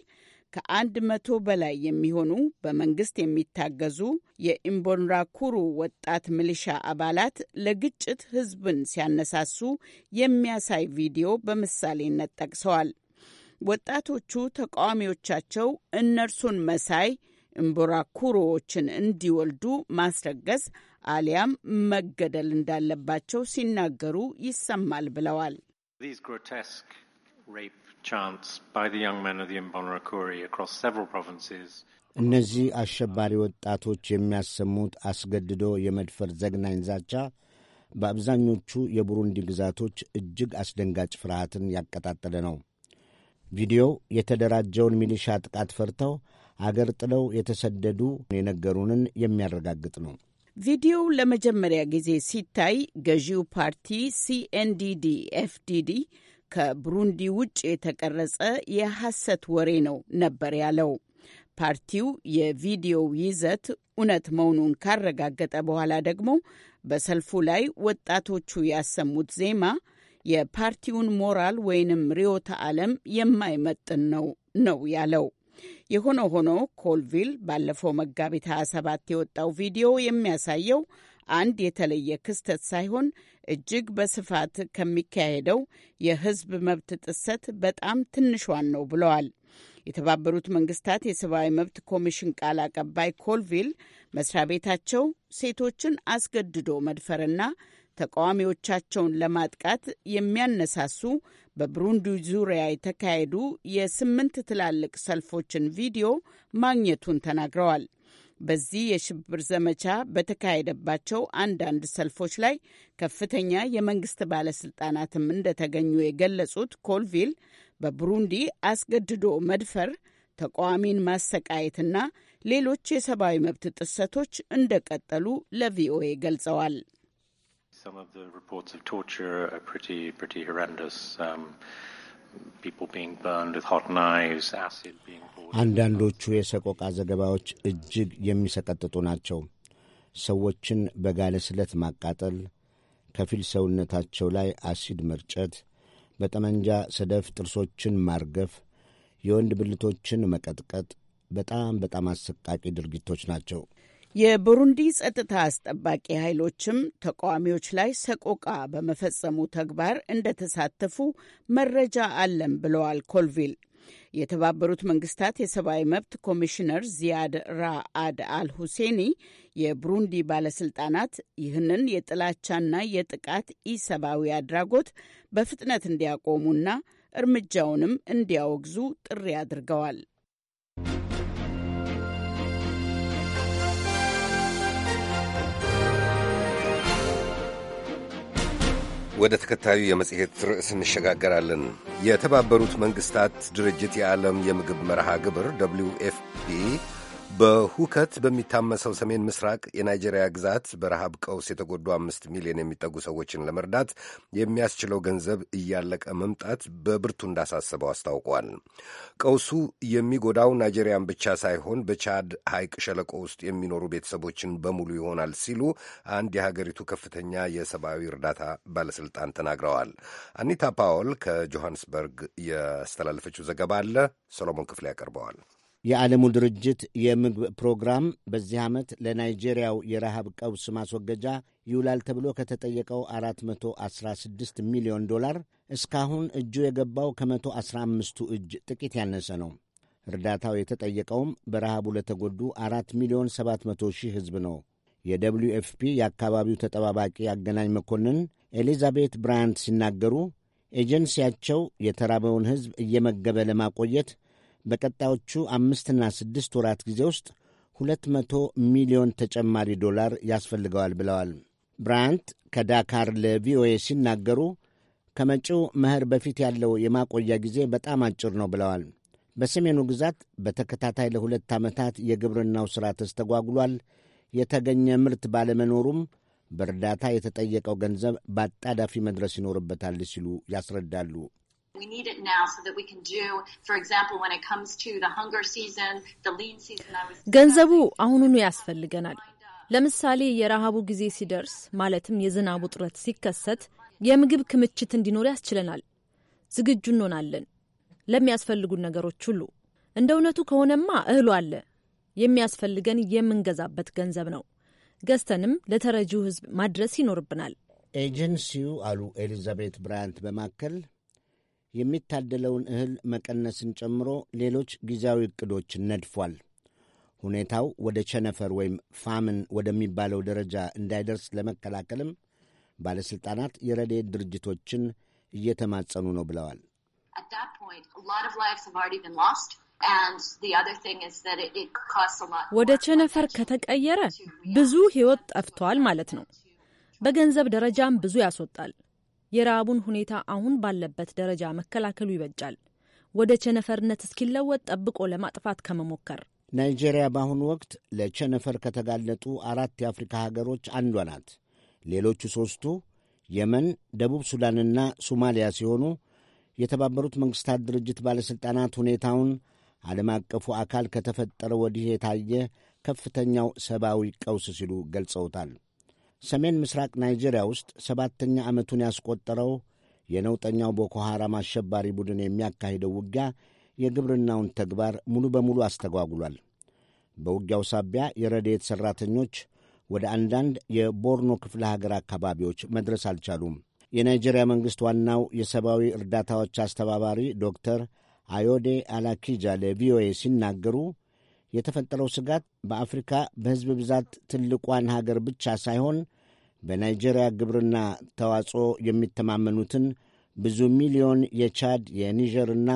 ከአንድ መቶ በላይ የሚሆኑ በመንግስት የሚታገዙ የኢምቦንራኩሩ ወጣት ሚሊሻ አባላት ለግጭት ህዝብን ሲያነሳሱ የሚያሳይ ቪዲዮ በምሳሌነት ጠቅሰዋል። ወጣቶቹ ተቃዋሚዎቻቸው እነርሱን መሳይ እምቦራኩሮዎችን እንዲወልዱ ማስረገዝ አሊያም መገደል እንዳለባቸው ሲናገሩ ይሰማል ብለዋል። chants by the young men of the Imbonerakure across several provinces. እነዚህ አሸባሪ ወጣቶች የሚያሰሙት አስገድዶ የመድፈር ዘግናኝ ዛቻ በአብዛኞቹ የቡሩንዲ ግዛቶች እጅግ አስደንጋጭ ፍርሃትን ያቀጣጠለ ነው። ቪዲዮው የተደራጀውን ሚሊሻ ጥቃት ፈርተው አገር ጥለው የተሰደዱ የነገሩንን የሚያረጋግጥ ነው። ቪዲዮው ለመጀመሪያ ጊዜ ሲታይ ገዢው ፓርቲ ሲኤንዲዲ ኤፍዲዲ ከብሩንዲ ውጭ የተቀረጸ የሐሰት ወሬ ነው ነበር ያለው። ፓርቲው የቪዲዮው ይዘት እውነት መሆኑን ካረጋገጠ በኋላ ደግሞ በሰልፉ ላይ ወጣቶቹ ያሰሙት ዜማ የፓርቲውን ሞራል ወይንም ርዕዮተ ዓለም የማይመጥን ነው ነው ያለው። የሆነ ሆኖ ኮልቪል ባለፈው መጋቢት 27 የወጣው ቪዲዮ የሚያሳየው አንድ የተለየ ክስተት ሳይሆን እጅግ በስፋት ከሚካሄደው የህዝብ መብት ጥሰት በጣም ትንሿን ነው ብለዋል። የተባበሩት መንግስታት የሰብአዊ መብት ኮሚሽን ቃል አቀባይ ኮልቪል መስሪያ ቤታቸው ሴቶችን አስገድዶ መድፈርና ተቃዋሚዎቻቸውን ለማጥቃት የሚያነሳሱ በብሩንዲ ዙሪያ የተካሄዱ የስምንት ትላልቅ ሰልፎችን ቪዲዮ ማግኘቱን ተናግረዋል። በዚህ የሽብር ዘመቻ በተካሄደባቸው አንዳንድ ሰልፎች ላይ ከፍተኛ የመንግስት ባለስልጣናትም እንደተገኙ የገለጹት ኮልቪል በቡሩንዲ አስገድዶ መድፈር፣ ተቃዋሚን ማሰቃየትና ሌሎች የሰብአዊ መብት ጥሰቶች እንደቀጠሉ ለቪኦኤ ገልጸዋል። some of the reports of torture are pretty, pretty horrendous. Um, አንዳንዶቹ የሰቆቃ ዘገባዎች እጅግ የሚሰቀጥጡ ናቸው። ሰዎችን በጋለ ስለት ማቃጠል፣ ከፊል ሰውነታቸው ላይ አሲድ መርጨት፣ በጠመንጃ ሰደፍ ጥርሶችን ማርገፍ፣ የወንድ ብልቶችን መቀጥቀጥ በጣም በጣም አሰቃቂ ድርጊቶች ናቸው። የቡሩንዲ ጸጥታ አስጠባቂ ኃይሎችም ተቃዋሚዎች ላይ ሰቆቃ በመፈጸሙ ተግባር እንደተሳተፉ መረጃ አለን ብለዋል ኮልቪል። የተባበሩት መንግስታት የሰብአዊ መብት ኮሚሽነር ዚያድ ራአድ አል ሁሴኒ የብሩንዲ ባለስልጣናት ይህንን የጥላቻና የጥቃት ኢሰብአዊ አድራጎት በፍጥነት እንዲያቆሙና እርምጃውንም እንዲያወግዙ ጥሪ አድርገዋል። ወደ ተከታዩ የመጽሔት ርዕስ እንሸጋገራለን። የተባበሩት መንግሥታት ድርጅት የዓለም የምግብ መርሃ ግብር ደብሊው በሁከት በሚታመሰው ሰሜን ምስራቅ የናይጄሪያ ግዛት በረሃብ ቀውስ የተጎዱ አምስት ሚሊዮን የሚጠጉ ሰዎችን ለመርዳት የሚያስችለው ገንዘብ እያለቀ መምጣት በብርቱ እንዳሳሰበው አስታውቋል። ቀውሱ የሚጎዳው ናይጄሪያን ብቻ ሳይሆን በቻድ ሐይቅ ሸለቆ ውስጥ የሚኖሩ ቤተሰቦችን በሙሉ ይሆናል ሲሉ አንድ የሀገሪቱ ከፍተኛ የሰብአዊ እርዳታ ባለስልጣን ተናግረዋል። አኒታ ፓወል ከጆሃንስበርግ ያስተላለፈችው ዘገባ አለ። ሰሎሞን ክፍሌ ያቀርበዋል። የዓለሙ ድርጅት የምግብ ፕሮግራም በዚህ ዓመት ለናይጄሪያው የረሃብ ቀውስ ማስወገጃ ይውላል ተብሎ ከተጠየቀው 416 ሚሊዮን ዶላር እስካሁን እጁ የገባው ከ115ቱ እጅ ጥቂት ያነሰ ነው። እርዳታው የተጠየቀውም በረሃቡ ለተጎዱ 4 ሚሊዮን 700 ሺህ ሕዝብ ነው። የደብሊዩ ኤፍ ፒ የአካባቢው ተጠባባቂ አገናኝ መኮንን ኤሊዛቤት ብራያንት ሲናገሩ ኤጀንሲያቸው የተራበውን ሕዝብ እየመገበ ለማቆየት በቀጣዮቹ አምስትና ስድስት ወራት ጊዜ ውስጥ ሁለት መቶ ሚሊዮን ተጨማሪ ዶላር ያስፈልገዋል ብለዋል። ብራያንት ከዳካር ለቪኦኤ ሲናገሩ ከመጪው መኸር በፊት ያለው የማቆያ ጊዜ በጣም አጭር ነው ብለዋል። በሰሜኑ ግዛት በተከታታይ ለሁለት ዓመታት የግብርናው ሥራ ተስተጓጉሏል። የተገኘ ምርት ባለመኖሩም በእርዳታ የተጠየቀው ገንዘብ በአጣዳፊ መድረስ ይኖርበታል ሲሉ ያስረዳሉ። We need it now so that we can do, for example, when it comes to the hunger season, the lean season. ገንዘቡ አሁኑኑ ያስፈልገናል። ለምሳሌ የረሃቡ ጊዜ ሲደርስ ማለትም የዝናቡ ጥረት ሲከሰት የምግብ ክምችት እንዲኖር ያስችለናል። ዝግጁ እንሆናለን ለሚያስፈልጉን ነገሮች ሁሉ። እንደ እውነቱ ከሆነማ እህሉ አለ። የሚያስፈልገን የምንገዛበት ገንዘብ ነው። ገዝተንም ለተረጂው ሕዝብ ማድረስ ይኖርብናል። ኤጀንሲው አሉ ኤሊዛቤት ብራያንት በማከል የሚታደለውን እህል መቀነስን ጨምሮ ሌሎች ጊዜያዊ ዕቅዶችን ነድፏል። ሁኔታው ወደ ቸነፈር ወይም ፋምን ወደሚባለው ደረጃ እንዳይደርስ ለመከላከልም ባለሥልጣናት የረድኤት ድርጅቶችን እየተማጸኑ ነው ብለዋል። ወደ ቸነፈር ከተቀየረ ብዙ ሕይወት ጠፍቷል ማለት ነው። በገንዘብ ደረጃም ብዙ ያስወጣል። የረሃቡን ሁኔታ አሁን ባለበት ደረጃ መከላከሉ ይበጃል፣ ወደ ቸነፈርነት እስኪለወጥ ጠብቆ ለማጥፋት ከመሞከር። ናይጄሪያ በአሁኑ ወቅት ለቸነፈር ከተጋለጡ አራት የአፍሪካ ሀገሮች አንዷ ናት። ሌሎቹ ሦስቱ የመን፣ ደቡብ ሱዳንና ሶማሊያ ሲሆኑ የተባበሩት መንግሥታት ድርጅት ባለሥልጣናት ሁኔታውን ዓለም አቀፉ አካል ከተፈጠረ ወዲህ የታየ ከፍተኛው ሰብአዊ ቀውስ ሲሉ ገልጸውታል። ሰሜን ምስራቅ ናይጄሪያ ውስጥ ሰባተኛ ዓመቱን ያስቆጠረው የነውጠኛው ቦኮ ሐራም አሸባሪ ቡድን የሚያካሂደው ውጊያ የግብርናውን ተግባር ሙሉ በሙሉ አስተጓጉሏል። በውጊያው ሳቢያ የረድኤት ሠራተኞች ወደ አንዳንድ የቦርኖ ክፍለ ሀገር አካባቢዎች መድረስ አልቻሉም። የናይጄሪያ መንግሥት ዋናው የሰብአዊ እርዳታዎች አስተባባሪ ዶክተር አዮዴ አላኪጃ ለቪኦኤ ሲናገሩ የተፈጠረው ስጋት በአፍሪካ በሕዝብ ብዛት ትልቋን ሀገር ብቻ ሳይሆን በናይጄሪያ ግብርና ተዋጽኦ የሚተማመኑትን ብዙ ሚሊዮን የቻድ የኒጀርና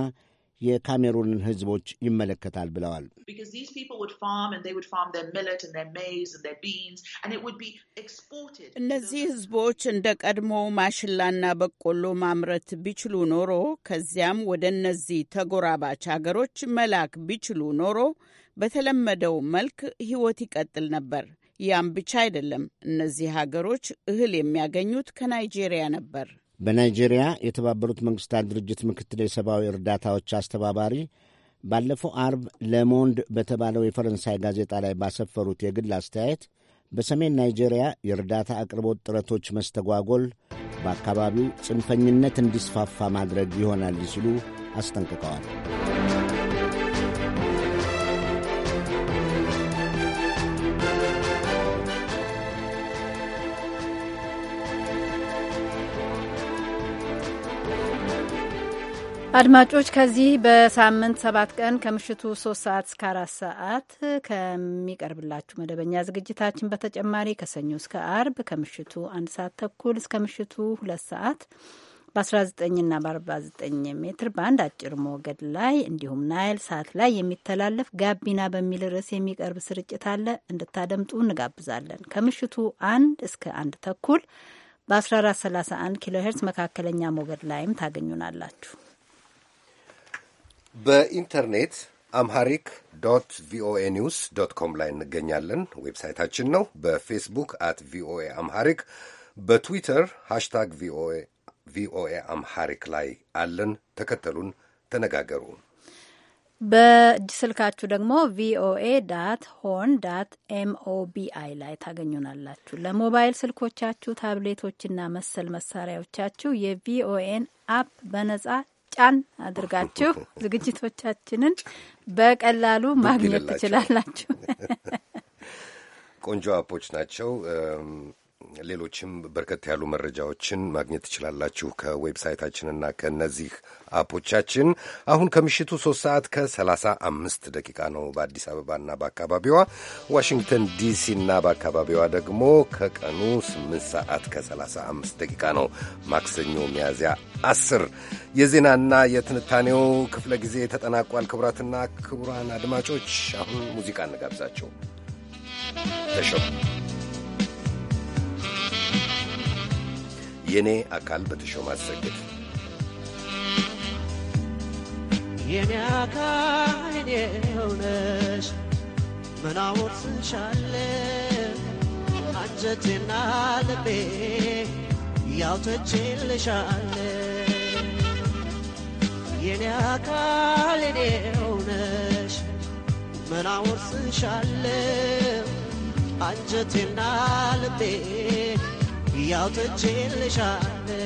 የካሜሩንን ሕዝቦች ይመለከታል ብለዋል። እነዚህ ሕዝቦች እንደ ቀድሞ ማሽላና በቆሎ ማምረት ቢችሉ ኖሮ ከዚያም ወደ እነዚህ ተጎራባች ሀገሮች መላክ ቢችሉ ኖሮ በተለመደው መልክ ህይወት ይቀጥል ነበር። ያም ብቻ አይደለም፣ እነዚህ ሀገሮች እህል የሚያገኙት ከናይጄሪያ ነበር። በናይጄሪያ የተባበሩት መንግስታት ድርጅት ምክትል የሰብአዊ እርዳታዎች አስተባባሪ ባለፈው አርብ ለሞንድ በተባለው የፈረንሳይ ጋዜጣ ላይ ባሰፈሩት የግል አስተያየት በሰሜን ናይጄሪያ የእርዳታ አቅርቦት ጥረቶች መስተጓጎል በአካባቢው ጽንፈኝነት እንዲስፋፋ ማድረግ ይሆናል ሲሉ አስጠንቅቀዋል። አድማጮች ከዚህ በሳምንት ሰባት ቀን ከምሽቱ ሶስት ሰዓት እስከ አራት ሰዓት ከሚቀርብላችሁ መደበኛ ዝግጅታችን በተጨማሪ ከሰኞ እስከ አርብ ከምሽቱ አንድ ሰዓት ተኩል እስከ ምሽቱ ሁለት ሰዓት በ19ና በ49 ሜትር በአንድ አጭር ሞገድ ላይ እንዲሁም ናይል ሳት ላይ የሚተላለፍ ጋቢና በሚል ርዕስ የሚቀርብ ስርጭት አለ። እንድታደምጡ እንጋብዛለን። ከምሽቱ አንድ እስከ አንድ ተኩል በ1431 ኪሎ ሄርስ መካከለኛ ሞገድ ላይም ታገኙናላችሁ። በኢንተርኔት አምሃሪክ ዶት ቪኦኤ ኒውስ ዶት ኮም ላይ እንገኛለን። ዌብሳይታችን ነው። በፌስቡክ አት ቪኦኤ አምሃሪክ፣ በትዊተር ሃሽታግ ቪኦኤ አምሃሪክ ላይ አለን። ተከተሉን፣ ተነጋገሩ። በእጅ ስልካችሁ ደግሞ ቪኦኤ ዳት ሆን ዳት ኤምኦቢአይ ላይ ታገኙናላችሁ። ለሞባይል ስልኮቻችሁ ታብሌቶችና መሰል መሳሪያዎቻችሁ የቪኦኤን አፕ በነጻ ጫን አድርጋችሁ (laughs) ዝግጅቶቻችንን በቀላሉ ማግኘት ትችላላችሁ። (laughs) ቆንጆ አፖች ናቸው። ሌሎችም በርከት ያሉ መረጃዎችን ማግኘት ትችላላችሁ ከዌብሳይታችንና ከእነዚህ አፖቻችን። አሁን ከምሽቱ ሶስት ሰዓት ከሰላሳ አምስት ደቂቃ ነው በአዲስ አበባና በአካባቢዋ። ዋሽንግተን ዲሲና በአካባቢዋ ደግሞ ከቀኑ ስምንት ሰዓት ከሰላሳ አምስት ደቂቃ ነው። ማክሰኞ ሚያዝያ አስር የዜናና የትንታኔው ክፍለ ጊዜ ተጠናቋል። ክቡራትና ክቡራን አድማጮች አሁን ሙዚቃ እንጋብዛቸው ተሾ የኔ አካል በተሾመ አሰግድ የኔ አካል ኔውነሽ መናወት ስንሻለ አንጀቴና ልቤ ያውተችልሻለ የኔ አካል ኔውነሽ መናወት ስንሻለ አንጀቴና ልቤ ያውጥቼልሻለሁ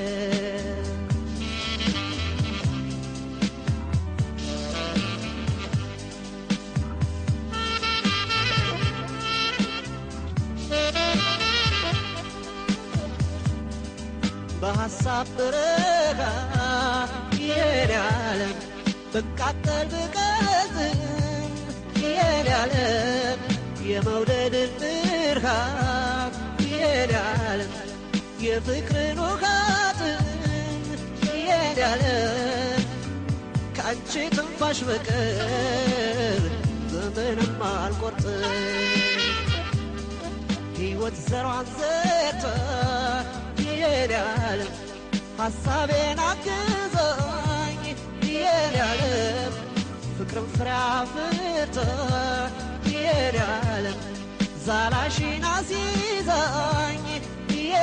በሐሳብ ብረጋ የኔ ዓለም ብቃጠል ብቀዝም የኔ ዓለም የመውደድ ብርሃን የኔ ዓለም የፍቅርን ውሃ ይሄዳል ከአንቺ ትንፋሽ በቀር በምንም አልቆርጥም። ሕይወት ዘሯን ዘርታ ይሄዳል ሐሳቤን አግዛኝ ይሄዳል ፍቅርን ፍሬ አፍርታ ይሄዳል ዛላሽን አስይዛኝ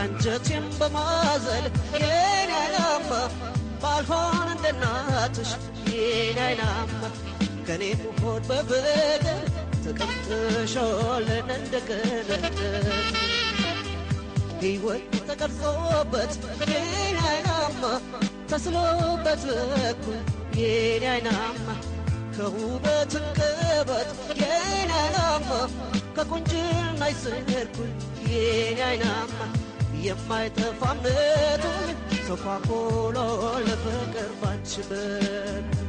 ከንጀቴም በማዘል የኔ አይናማ ባልሆን እንደናትሽ የኔ አይናማ ከኔ ብሆን በፍቅር ተቀምጥሾልን እንደገነት ሕይወት ተቀርጾበት የኔ አይናማ ተስሎበት በኩል የኔ አይናማ ከውበት ቅበት የኔ አይናማ ከቁንጅና ይስርኩል የኔ አይናማ የማይጠፋ እምነቱ ተኳኩሎ ለፍቅር ባንችበት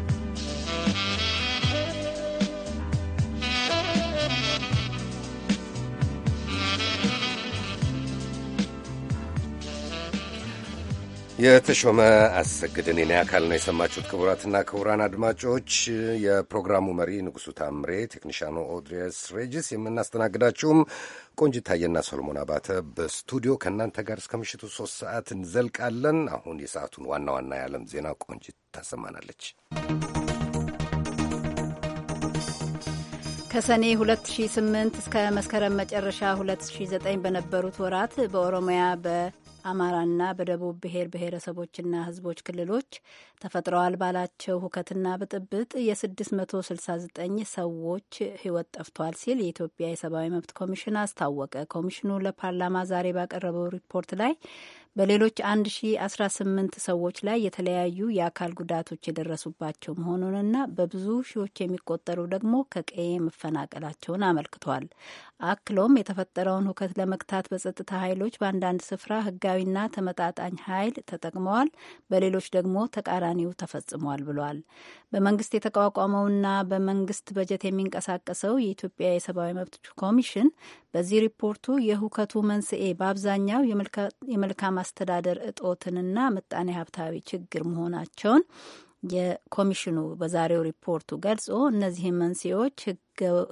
የተሾመ አሰግድን የኔ አካል ነው የሰማችሁት። ክቡራትና ክቡራን አድማጮች የፕሮግራሙ መሪ ንጉሡ ታምሬ፣ ቴክኒሻኑ ኦድሬስ ሬጅስ፣ የምናስተናግዳችሁም ቆንጂት ታየና ሰሎሞን አባተ በስቱዲዮ ከእናንተ ጋር እስከ ምሽቱ ሶስት ሰዓት እንዘልቃለን። አሁን የሰዓቱን ዋና ዋና የዓለም ዜና ቆንጂት ታሰማናለች። ከሰኔ 2008 እስከ መስከረም መጨረሻ 2009 በነበሩት ወራት በኦሮሚያ በ በአማራና በደቡብ ብሔር ብሔረሰቦችና ህዝቦች ክልሎች ተፈጥረዋል ባላቸው ሁከትና ብጥብጥ የ669 ሰዎች ህይወት ጠፍቷል ሲል የኢትዮጵያ የሰብአዊ መብት ኮሚሽን አስታወቀ። ኮሚሽኑ ለፓርላማ ዛሬ ባቀረበው ሪፖርት ላይ በሌሎች 1018 ሰዎች ላይ የተለያዩ የአካል ጉዳቶች የደረሱባቸው መሆኑንና በብዙ ሺዎች የሚቆጠሩ ደግሞ ከቀዬ መፈናቀላቸውን አመልክቷል። አክሎም የተፈጠረውን ሁከት ለመግታት በጸጥታ ኃይሎች በአንዳንድ ስፍራ ህጋዊና ተመጣጣኝ ኃይል ተጠቅመዋል፣ በሌሎች ደግሞ ተቃራኒው ተፈጽሟል ብሏል። በመንግስት የተቋቋመውና በመንግስት በጀት የሚንቀሳቀሰው የኢትዮጵያ የሰብአዊ መብቶች ኮሚሽን በዚህ ሪፖርቱ የሁከቱ መንስኤ በአብዛኛው የመልካም አስተዳደር እጦትንና ምጣኔ ሀብታዊ ችግር መሆናቸውን የኮሚሽኑ በዛሬው ሪፖርቱ ገልጾ እነዚህ መንስኤዎች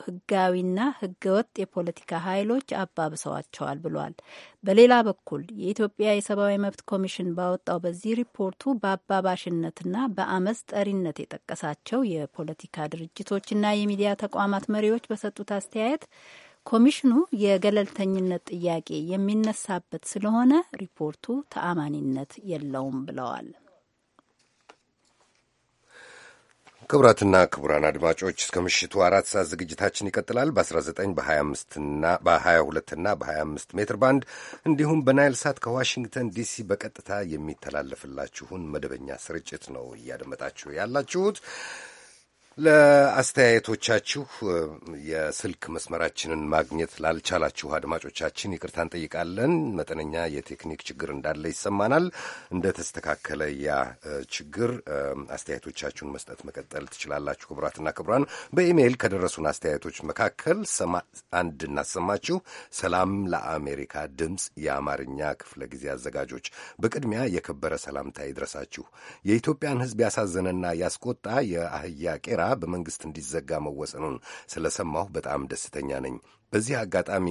ህጋዊና ህገወጥ የፖለቲካ ኃይሎች አባብሰዋቸዋል ብሏል። በሌላ በኩል የኢትዮጵያ የሰብአዊ መብት ኮሚሽን ባወጣው በዚህ ሪፖርቱ በአባባሽነትና በአመፅ ጠሪነት የጠቀሳቸው የፖለቲካ ድርጅቶችና የሚዲያ ተቋማት መሪዎች በሰጡት አስተያየት ኮሚሽኑ የገለልተኝነት ጥያቄ የሚነሳበት ስለሆነ ሪፖርቱ ተአማኒነት የለውም ብለዋል። ክቡራትና ክቡራን አድማጮች እስከ ምሽቱ አራት ሰዓት ዝግጅታችን ይቀጥላል። በ19 በ25ና በ22ና በ25 ሜትር ባንድ እንዲሁም በናይል ሳት ከዋሽንግተን ዲሲ በቀጥታ የሚተላለፍላችሁን መደበኛ ስርጭት ነው እያደመጣችሁ ያላችሁት። ለአስተያየቶቻችሁ የስልክ መስመራችንን ማግኘት ላልቻላችሁ አድማጮቻችን ይቅርታ እንጠይቃለን። መጠነኛ የቴክኒክ ችግር እንዳለ ይሰማናል። እንደተስተካከለ ያ ችግር አስተያየቶቻችሁን መስጠት መቀጠል ትችላላችሁ። ክቡራትና ክቡራን በኢሜይል ከደረሱን አስተያየቶች መካከል አንድ እናሰማችሁ። ሰላም ለአሜሪካ ድምፅ የአማርኛ ክፍለ ጊዜ አዘጋጆች፣ በቅድሚያ የከበረ ሰላምታ ይድረሳችሁ። የኢትዮጵያን ሕዝብ ያሳዘነና ያስቆጣ የአህያ ቄራ በመንግስት እንዲዘጋ መወሰኑን ስለሰማሁ በጣም ደስተኛ ነኝ። በዚህ አጋጣሚ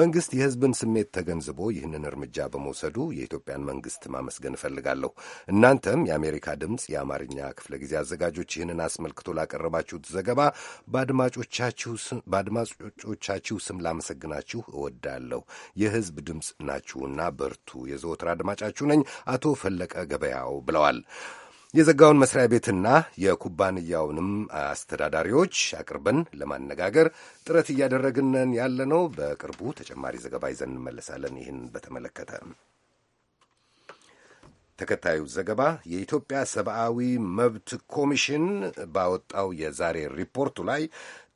መንግስት የህዝብን ስሜት ተገንዝቦ ይህንን እርምጃ በመውሰዱ የኢትዮጵያን መንግስት ማመስገን እፈልጋለሁ። እናንተም የአሜሪካ ድምፅ የአማርኛ ክፍለ ጊዜ አዘጋጆች ይህንን አስመልክቶ ላቀረባችሁት ዘገባ በአድማጮቻችሁ ስም ላመሰግናችሁ እወዳለሁ። የህዝብ ድምፅ ናችሁና በርቱ። የዘወትር አድማጫችሁ ነኝ። አቶ ፈለቀ ገበያው ብለዋል። የዘጋውን መስሪያ ቤትና የኩባንያውንም አስተዳዳሪዎች አቅርበን ለማነጋገር ጥረት እያደረግነን ያለ ነው። በቅርቡ ተጨማሪ ዘገባ ይዘን እንመለሳለን። ይህን በተመለከተ ተከታዩ ዘገባ የኢትዮጵያ ሰብአዊ መብት ኮሚሽን ባወጣው የዛሬ ሪፖርቱ ላይ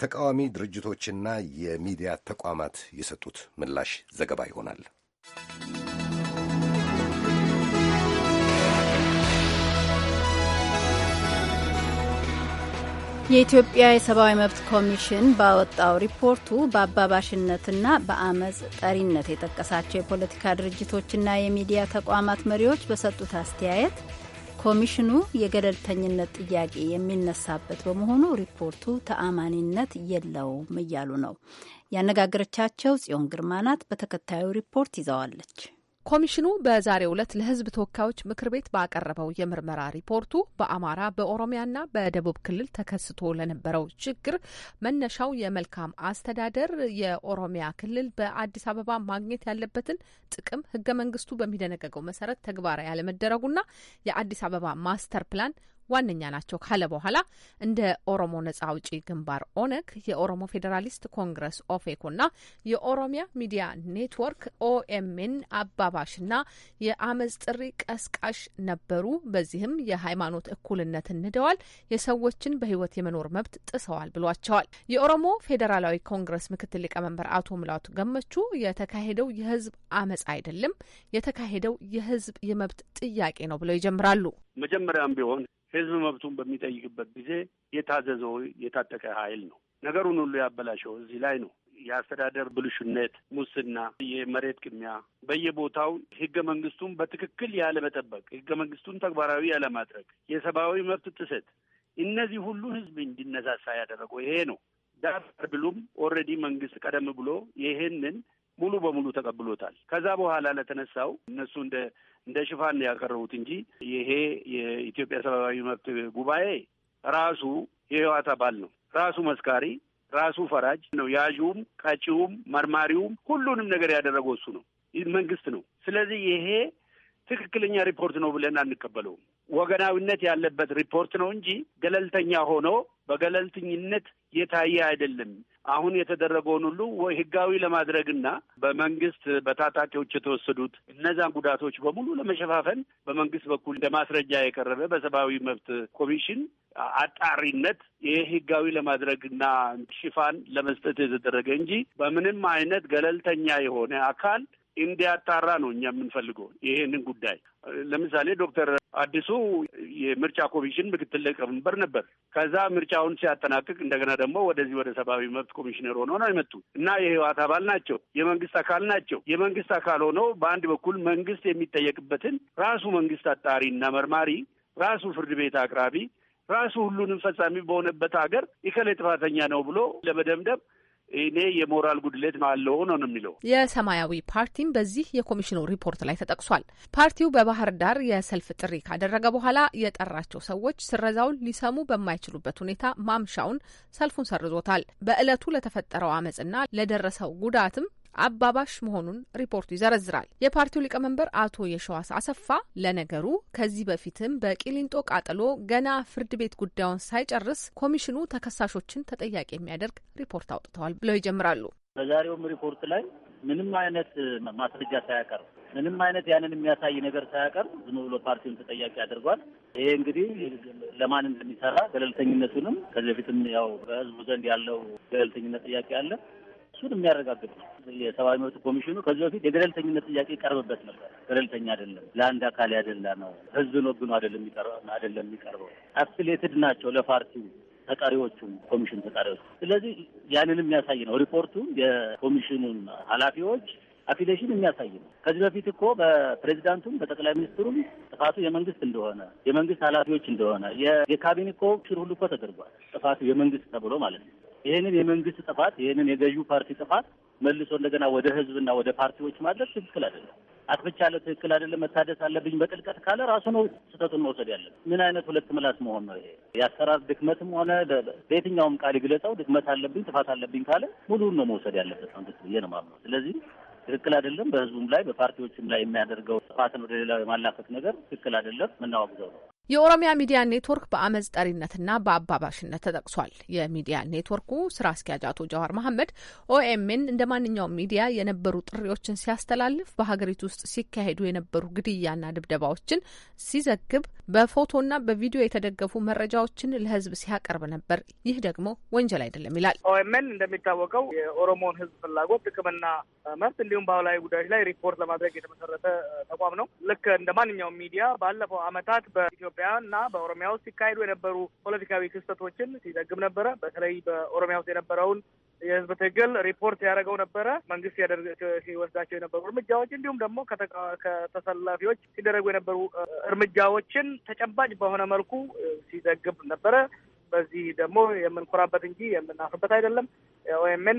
ተቃዋሚ ድርጅቶችና የሚዲያ ተቋማት የሰጡት ምላሽ ዘገባ ይሆናል። የኢትዮጵያ የሰብአዊ መብት ኮሚሽን ባወጣው ሪፖርቱ በአባባሽነትና በአመፅ ጠሪነት የጠቀሳቸው የፖለቲካ ድርጅቶችና የሚዲያ ተቋማት መሪዎች በሰጡት አስተያየት ኮሚሽኑ የገለልተኝነት ጥያቄ የሚነሳበት በመሆኑ ሪፖርቱ ተአማኒነት የለውም እያሉ ነው። ያነጋገረቻቸው ጽዮን ግርማ ናት። በተከታዩ ሪፖርት ይዘዋለች። ኮሚሽኑ በዛሬው ዕለት ለሕዝብ ተወካዮች ምክር ቤት ባቀረበው የምርመራ ሪፖርቱ በአማራ በኦሮሚያና በደቡብ ክልል ተከስቶ ለነበረው ችግር መነሻው የመልካም አስተዳደር የኦሮሚያ ክልል በአዲስ አበባ ማግኘት ያለበትን ጥቅም ሕገ መንግስቱ በሚደነገገው መሰረት ተግባራዊ ያለመደረጉና የአዲስ አበባ ማስተር ፕላን ዋነኛ ናቸው ካለ በኋላ እንደ ኦሮሞ ነጻ አውጪ ግንባር ኦነግ፣ የኦሮሞ ፌዴራሊስት ኮንግረስ ኦፌኮና የኦሮሚያ ሚዲያ ኔትወርክ ኦኤምኤን አባባሽና የአመፅ ጥሪ ቀስቃሽ ነበሩ። በዚህም የሃይማኖት እኩልነትን ንደዋል፣ የሰዎችን በህይወት የመኖር መብት ጥሰዋል ብሏቸዋል። የኦሮሞ ፌዴራላዊ ኮንግረስ ምክትል ሊቀመንበር አቶ ሙላቱ ገመቹ የተካሄደው የህዝብ አመፅ አይደለም፣ የተካሄደው የህዝብ የመብት ጥያቄ ነው ብለው ይጀምራሉ። መጀመሪያም ቢሆን ህዝብ መብቱን በሚጠይቅበት ጊዜ የታዘዘው የታጠቀ ኃይል ነው። ነገሩን ሁሉ ያበላሸው እዚህ ላይ ነው። የአስተዳደር ብልሹነት፣ ሙስና፣ የመሬት ቅሚያ በየቦታው ህገ መንግስቱን በትክክል ያለመጠበቅ፣ ህገ መንግስቱን ተግባራዊ ያለማድረግ፣ የሰብአዊ መብት ጥሰት፣ እነዚህ ሁሉ ህዝብ እንዲነሳሳ ያደረገው ይሄ ነው። ዳር ብሉም ኦልሬዲ መንግስት ቀደም ብሎ ይሄንን ሙሉ በሙሉ ተቀብሎታል። ከዛ በኋላ ለተነሳው እነሱ እንደ እንደ ሽፋን ነው ያቀረቡት እንጂ ይሄ የኢትዮጵያ ሰብአዊ መብት ጉባኤ ራሱ የህወሓት አባል ነው። ራሱ መስካሪ፣ ራሱ ፈራጅ ነው። ያዥውም፣ ቀጪውም፣ መርማሪውም ሁሉንም ነገር ያደረገው እሱ ነው፣ መንግስት ነው። ስለዚህ ይሄ ትክክለኛ ሪፖርት ነው ብለን አንቀበለውም። ወገናዊነት ያለበት ሪፖርት ነው እንጂ ገለልተኛ ሆኖ በገለልተኝነት የታየ አይደለም። አሁን የተደረገውን ሁሉ ወይ ህጋዊ ለማድረግና በመንግስት በታጣቂዎች የተወሰዱት እነዛን ጉዳቶች በሙሉ ለመሸፋፈን በመንግስት በኩል እንደ ማስረጃ የቀረበ በሰብአዊ መብት ኮሚሽን አጣሪነት ይህ ህጋዊ ለማድረግና ሽፋን ለመስጠት የተደረገ እንጂ በምንም አይነት ገለልተኛ የሆነ አካል እንዲያጣራ ነው እኛ የምንፈልገው ይህንን ጉዳይ። ለምሳሌ ዶክተር አዲሱ የምርጫ ኮሚሽን ምክትል ሊቀመንበር ነበር። ከዛ ምርጫውን ሲያጠናቅቅ እንደገና ደግሞ ወደዚህ ወደ ሰብአዊ መብት ኮሚሽነር ሆኖ ነው የመጡ እና የህወሓት አባል ናቸው። የመንግስት አካል ናቸው። የመንግስት አካል ሆኖ በአንድ በኩል መንግስት የሚጠየቅበትን ራሱ መንግስት አጣሪ እና መርማሪ፣ ራሱ ፍርድ ቤት አቅራቢ፣ ራሱ ሁሉንም ፈጻሚ በሆነበት ሀገር የከላይ ጥፋተኛ ነው ብሎ ለመደምደም እኔ የሞራል ጉድለት አለው ነው ነው የሚለው የሰማያዊ ፓርቲም በዚህ የኮሚሽኑ ሪፖርት ላይ ተጠቅሷል። ፓርቲው በባህር ዳር የሰልፍ ጥሪ ካደረገ በኋላ የጠራቸው ሰዎች ስረዛውን ሊሰሙ በማይችሉበት ሁኔታ ማምሻውን ሰልፉን ሰርዞታል። በዕለቱ ለተፈጠረው አመፅና ለደረሰው ጉዳትም አባባሽ መሆኑን ሪፖርቱ ይዘረዝራል። የፓርቲው ሊቀመንበር አቶ የሸዋስ አሰፋ ለነገሩ ከዚህ በፊትም በቂሊንጦ ቃጠሎ ገና ፍርድ ቤት ጉዳዩን ሳይጨርስ ኮሚሽኑ ተከሳሾችን ተጠያቂ የሚያደርግ ሪፖርት አውጥተዋል ብለው ይጀምራሉ። በዛሬውም ሪፖርት ላይ ምንም አይነት ማስረጃ ሳያቀርብ ምንም አይነት ያንን የሚያሳይ ነገር ሳያቀርብ ዝም ብሎ ፓርቲውን ተጠያቂ አድርጓል። ይሄ እንግዲህ ለማን እንደሚሰራ ገለልተኝነቱንም ከዚህ በፊትም ያው በህዝቡ ዘንድ ያለው ገለልተኝነት ጥያቄ አለ። መሆናቸውን የሚያረጋግጥ ነው። የሰብአዊ መብት ኮሚሽኑ ከዚህ በፊት የገለልተኝነት ጥያቄ ይቀርብበት ነበር። ገለልተኛ አይደለም፣ ለአንድ አካል ያደለ ነው፣ ህዝብን ወግኖ አይደለም የሚቀርበው። አፍሌትድ ናቸው ለፓርቲው ተጠሪዎቹም ኮሚሽኑ ተጠሪዎች። ስለዚህ ያንን የሚያሳይ ነው ሪፖርቱ። የኮሚሽኑን ኃላፊዎች አፊሌሽን የሚያሳይ ነው። ከዚህ በፊት እኮ በፕሬዚዳንቱም በጠቅላይ ሚኒስትሩም ጥፋቱ የመንግስት እንደሆነ የመንግስት ኃላፊዎች እንደሆነ የካቢኔ ኮሚሽን ሁሉ እኮ ተደርጓል። ጥፋቱ የመንግስት ተብሎ ማለት ነው። ይህንን የመንግስት ጥፋት ይህንን የገዢ ፓርቲ ጥፋት መልሶ እንደገና ወደ ህዝብና ወደ ፓርቲዎች ማድረግ ትክክል አይደለም። አጥፍቻለሁ፣ ትክክል አይደለም፣ መታደስ አለብኝ በጥልቀት ካለ ራሱ ነው ስህተቱን መውሰድ ያለን። ምን አይነት ሁለት ምላስ መሆን ነው ይሄ? የአሰራር ድክመትም ሆነ በየትኛውም ቃል ይግለጸው ድክመት አለብኝ፣ ጥፋት አለብኝ ካለ ሙሉውን ነው መውሰድ ያለበት መንግስት ብዬ ነው የማምነው። ስለዚህ ትክክል አይደለም። በህዝቡም ላይ በፓርቲዎችም ላይ የሚያደርገው ጥፋትን ወደ ሌላው የማላፈት ነገር ትክክል አይደለም፣ ምናወግዘው ነው። የኦሮሚያ ሚዲያ ኔትወርክ በአመፅ ጠሪነትና በአባባሽነት ተጠቅሷል። የሚዲያ ኔትወርኩ ስራ አስኪያጅ አቶ ጀዋር መሐመድ ኦኤምኤን እንደ ማንኛውም ሚዲያ የነበሩ ጥሪዎችን ሲያስተላልፍ፣ በሀገሪቱ ውስጥ ሲካሄዱ የነበሩ ግድያና ድብደባዎችን ሲዘግብ፣ በፎቶና በቪዲዮ የተደገፉ መረጃዎችን ለህዝብ ሲያቀርብ ነበር። ይህ ደግሞ ወንጀል አይደለም ይላል። ኦኤምኤን እንደሚታወቀው የኦሮሞን ህዝብ ፍላጎት፣ ጥቅምና መብት እንዲሁም ባህላዊ ጉዳዮች ላይ ሪፖርት ለማድረግ የተመሰረተ ተቋም ነው። ልክ እንደ ማንኛውም ሚዲያ ባለፈው አመታት በኢትዮ በኢትዮጵያ እና በኦሮሚያ ውስጥ ሲካሄዱ የነበሩ ፖለቲካዊ ክስተቶችን ሲዘግብ ነበረ። በተለይ በኦሮሚያ ውስጥ የነበረውን የህዝብ ትግል ሪፖርት ያደረገው ነበረ። መንግስት ሲወስዳቸው የነበሩ እርምጃዎች እንዲሁም ደግሞ ከተሰላፊዎች ሲደረጉ የነበሩ እርምጃዎችን ተጨባጭ በሆነ መልኩ ሲዘግብ ነበረ። በዚህ ደግሞ የምንኮራበት እንጂ የምናፍርበት አይደለም። ኦኤምን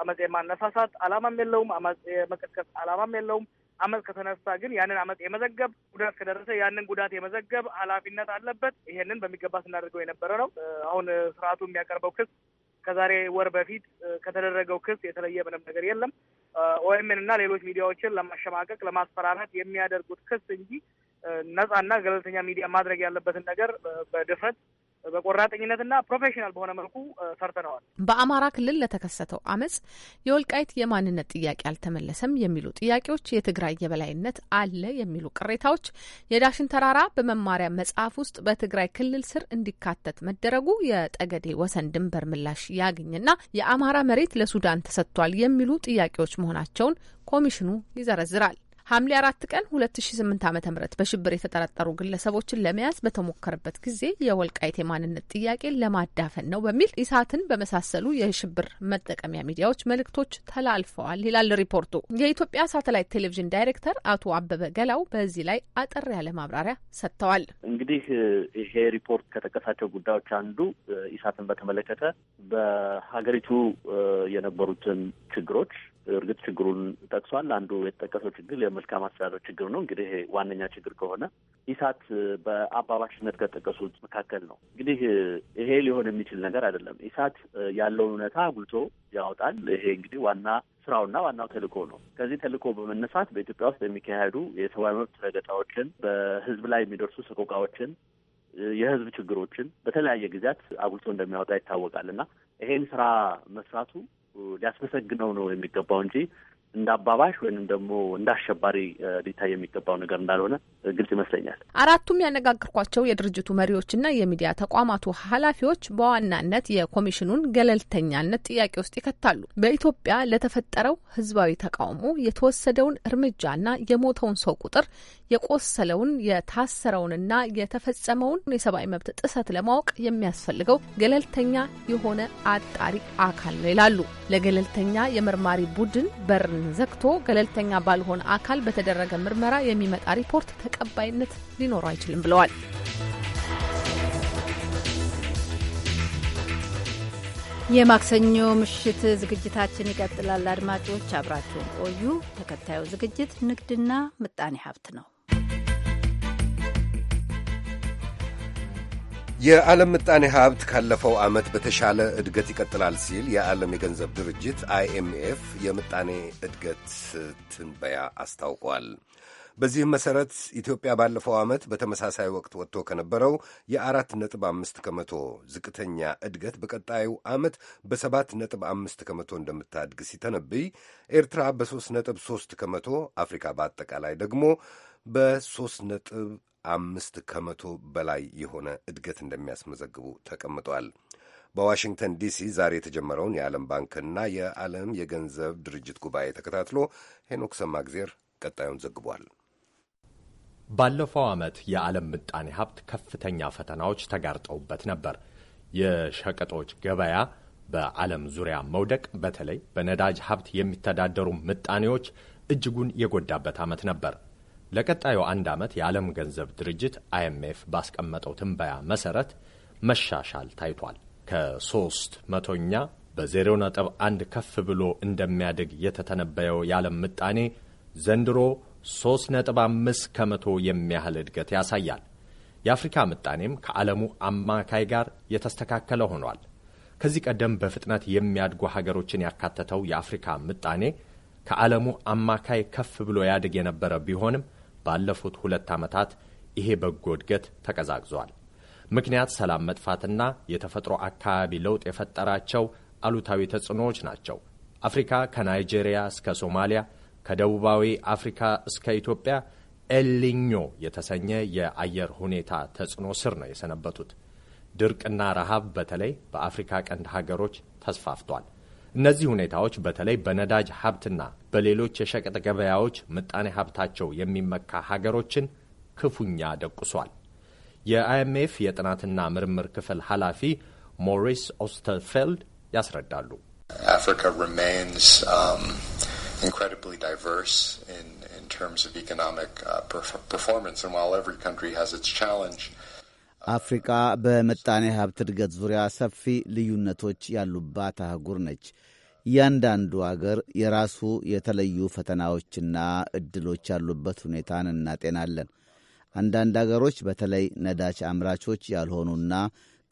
አመፅ የማነሳሳት አላማም የለውም። አመፅ የመቀስቀስ አላማም የለውም። አመፅ ከተነሳ ግን ያንን አመፅ የመዘገብ ጉዳት ከደረሰ ያንን ጉዳት የመዘገብ ኃላፊነት አለበት። ይሄንን በሚገባ ስናደርገው የነበረ ነው። አሁን ስርዓቱ የሚያቀርበው ክስ ከዛሬ ወር በፊት ከተደረገው ክስ የተለየ ምንም ነገር የለም። ኦኤምን እና ሌሎች ሚዲያዎችን ለማሸማቀቅ ለማስፈራራት የሚያደርጉት ክስ እንጂ ነጻና ገለልተኛ ሚዲያ ማድረግ ያለበትን ነገር በድፍረት በቆራጠኝነትና ፕሮፌሽናል በሆነ መልኩ ሰርተነዋል። በአማራ ክልል ለተከሰተው አመፅ የወልቃይት የማንነት ጥያቄ አልተመለሰም የሚሉ ጥያቄዎች፣ የትግራይ የበላይነት አለ የሚሉ ቅሬታዎች፣ የዳሽን ተራራ በመማሪያ መጽሐፍ ውስጥ በትግራይ ክልል ስር እንዲካተት መደረጉ፣ የጠገዴ ወሰን ድንበር ምላሽ ያግኝና የአማራ መሬት ለሱዳን ተሰጥቷል የሚሉ ጥያቄዎች መሆናቸውን ኮሚሽኑ ይዘረዝራል። ሐምሌ አራት ቀን ሁለት ሺ ስምንት በሽብር የተጠረጠሩ ግለሰቦችን ለመያዝ በተሞከረበት ጊዜ የወልቃይት የማንነት ጥያቄ ለማዳፈን ነው በሚል ኢሳትን በመሳሰሉ የሽብር መጠቀሚያ ሚዲያዎች መልእክቶች ተላልፈዋል ይላል ሪፖርቱ። የኢትዮጵያ ሳተላይት ቴሌቪዥን ዳይሬክተር አቶ አበበ ገላው በዚህ ላይ አጠር ያለ ማብራሪያ ሰጥተዋል። እንግዲህ ይሄ ሪፖርት ከጠቀሳቸው ጉዳዮች አንዱ ኢሳትን በተመለከተ በሀገሪቱ የነበሩትን ችግሮች እርግጥ ችግሩን ጠቅሷል። አንዱ የተጠቀሰው ችግር የመልካም አስተዳደር ችግር ነው። እንግዲህ ይሄ ዋነኛ ችግር ከሆነ ኢሳት በአባባሽነት ከጠቀሱት መካከል ነው። እንግዲህ ይሄ ሊሆን የሚችል ነገር አይደለም። ኢሳት ያለውን እውነታ አጉልቶ ያወጣል። ይሄ እንግዲህ ዋና ስራውና ዋናው ተልእኮ ነው። ከዚህ ተልእኮ በመነሳት በኢትዮጵያ ውስጥ የሚካሄዱ የሰብአዊ መብት ረገጣዎችን፣ በህዝብ ላይ የሚደርሱ ሰቆቃዎችን፣ የህዝብ ችግሮችን በተለያየ ጊዜያት አጉልቶ እንደሚያወጣ ይታወቃል እና ይሄን ስራ መስራቱ ሊያስመሰግነው ነው የሚገባው እንጂ እንደ አባባሽ ወይንም ደግሞ እንደ አሸባሪ ሊታይ የሚገባው ነገር እንዳልሆነ ግልጽ ይመስለኛል። አራቱም ያነጋግርኳቸው የድርጅቱ መሪዎችና የሚዲያ ተቋማቱ ኃላፊዎች በዋናነት የኮሚሽኑን ገለልተኛነት ጥያቄ ውስጥ ይከታሉ። በኢትዮጵያ ለተፈጠረው ህዝባዊ ተቃውሞ የተወሰደውን እርምጃና የሞተውን ሰው ቁጥር የቆሰለውን የታሰረውንና የተፈጸመውን የሰብአዊ መብት ጥሰት ለማወቅ የሚያስፈልገው ገለልተኛ የሆነ አጣሪ አካል ነው ይላሉ። ለገለልተኛ የመርማሪ ቡድን በር ዘግቶ ገለልተኛ ባልሆነ አካል በተደረገ ምርመራ የሚመጣ ሪፖርት ተቀባይነት ሊኖረው አይችልም ብለዋል። የማክሰኞ ምሽት ዝግጅታችን ይቀጥላል። አድማጮች አብራችሁን ቆዩ። ተከታዩ ዝግጅት ንግድና ምጣኔ ሀብት ነው። የዓለም ምጣኔ ሀብት ካለፈው ዓመት በተሻለ እድገት ይቀጥላል ሲል የዓለም የገንዘብ ድርጅት አይኤምኤፍ የምጣኔ እድገት ትንበያ አስታውቋል። በዚህም መሠረት ኢትዮጵያ ባለፈው ዓመት በተመሳሳይ ወቅት ወጥቶ ከነበረው የአራት ነጥብ አምስት ከመቶ ዝቅተኛ እድገት በቀጣዩ ዓመት በሰባት ነጥብ አምስት ከመቶ እንደምታድግ ሲተነብይ፣ ኤርትራ በሦስት ነጥብ ሦስት ከመቶ፣ አፍሪካ በአጠቃላይ ደግሞ በሦስት ነጥብ አምስት ከመቶ በላይ የሆነ እድገት እንደሚያስመዘግቡ ተቀምጧል። በዋሽንግተን ዲሲ ዛሬ የተጀመረውን የዓለም ባንክና የዓለም የገንዘብ ድርጅት ጉባኤ ተከታትሎ ሄኖክ ሰማግዜር ቀጣዩን ዘግቧል። ባለፈው ዓመት የዓለም ምጣኔ ሀብት ከፍተኛ ፈተናዎች ተጋርጠውበት ነበር። የሸቀጦች ገበያ በዓለም ዙሪያ መውደቅ በተለይ በነዳጅ ሀብት የሚተዳደሩ ምጣኔዎች እጅጉን የጎዳበት ዓመት ነበር። ለቀጣዩ አንድ ዓመት የዓለም ገንዘብ ድርጅት አይኤምኤፍ ባስቀመጠው ትንበያ መሠረት መሻሻል ታይቷል። ከሶስት መቶኛ በዜሮ ነጥብ አንድ ከፍ ብሎ እንደሚያድግ የተተነበየው የዓለም ምጣኔ ዘንድሮ ሶስት ነጥብ አምስት ከመቶ የሚያህል እድገት ያሳያል። የአፍሪካ ምጣኔም ከዓለሙ አማካይ ጋር የተስተካከለ ሆኗል። ከዚህ ቀደም በፍጥነት የሚያድጉ ሀገሮችን ያካተተው የአፍሪካ ምጣኔ ከዓለሙ አማካይ ከፍ ብሎ ያድግ የነበረ ቢሆንም ባለፉት ሁለት ዓመታት ይሄ በጎ እድገት ተቀዛቅዟል። ምክንያት ሰላም መጥፋትና የተፈጥሮ አካባቢ ለውጥ የፈጠራቸው አሉታዊ ተጽዕኖዎች ናቸው። አፍሪካ ከናይጄሪያ እስከ ሶማሊያ፣ ከደቡባዊ አፍሪካ እስከ ኢትዮጵያ ኤልኒኞ የተሰኘ የአየር ሁኔታ ተጽዕኖ ስር ነው የሰነበቱት። ድርቅና ረሃብ በተለይ በአፍሪካ ቀንድ ሀገሮች ተስፋፍቷል። እነዚህ ሁኔታዎች በተለይ በነዳጅ ሀብትና በሌሎች የሸቀጥ ገበያዎች ምጣኔ ሀብታቸው የሚመካ ሀገሮችን ክፉኛ ደቁሷል። የአይኤምኤፍ የጥናትና ምርምር ክፍል ኃላፊ ሞሪስ ኦስተርፌልድ ያስረዳሉ። አፍሪቃ በምጣኔ ሀብት እድገት ዙሪያ ሰፊ ልዩነቶች ያሉባት አህጉር ነች። እያንዳንዱ አገር የራሱ የተለዩ ፈተናዎችና እድሎች ያሉበት ሁኔታን እናጤናለን። አንዳንድ አገሮች በተለይ ነዳጅ አምራቾች ያልሆኑና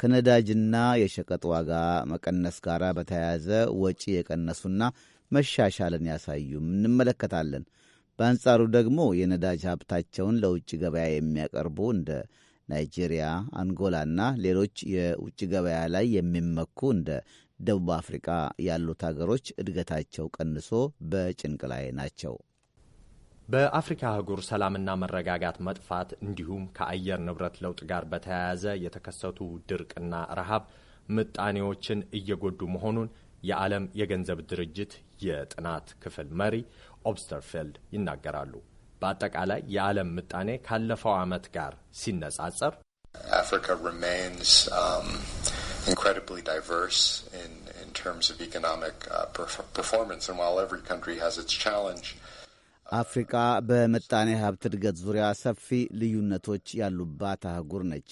ከነዳጅና የሸቀጥ ዋጋ መቀነስ ጋር በተያያዘ ወጪ የቀነሱና መሻሻልን ያሳዩም እንመለከታለን። በአንጻሩ ደግሞ የነዳጅ ሀብታቸውን ለውጭ ገበያ የሚያቀርቡ እንደ ናይጄሪያ፣ አንጎላና ሌሎች የውጭ ገበያ ላይ የሚመኩ እንደ ደቡብ አፍሪቃ ያሉት አገሮች እድገታቸው ቀንሶ በጭንቅ ላይ ናቸው። በአፍሪካ አህጉር ሰላምና መረጋጋት መጥፋት እንዲሁም ከአየር ንብረት ለውጥ ጋር በተያያዘ የተከሰቱ ድርቅና ረሃብ ምጣኔዎችን እየጎዱ መሆኑን የዓለም የገንዘብ ድርጅት የጥናት ክፍል መሪ ኦብስተርፌልድ ይናገራሉ። በአጠቃላይ የዓለም ምጣኔ ካለፈው ዓመት ጋር ሲነጻጸር um, uh, አፍሪቃ በምጣኔ ሀብት እድገት ዙሪያ ሰፊ ልዩነቶች ያሉባት አህጉር ነች።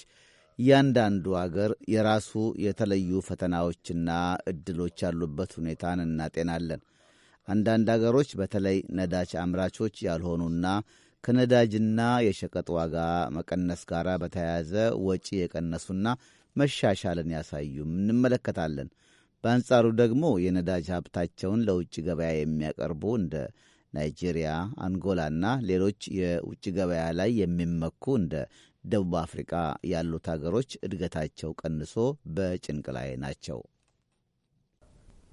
እያንዳንዱ አገር የራሱ የተለዩ ፈተናዎችና እድሎች ያሉበት ሁኔታን እናጤናለን። አንዳንድ አገሮች በተለይ ነዳጅ አምራቾች ያልሆኑና ከነዳጅና የሸቀጥ ዋጋ መቀነስ ጋር በተያያዘ ወጪ የቀነሱና መሻሻልን ያሳዩም እንመለከታለን። በአንጻሩ ደግሞ የነዳጅ ሀብታቸውን ለውጭ ገበያ የሚያቀርቡ እንደ ናይጄሪያ፣ አንጎላና ሌሎች የውጭ ገበያ ላይ የሚመኩ እንደ ደቡብ አፍሪቃ ያሉት አገሮች እድገታቸው ቀንሶ በጭንቅ ላይ ናቸው።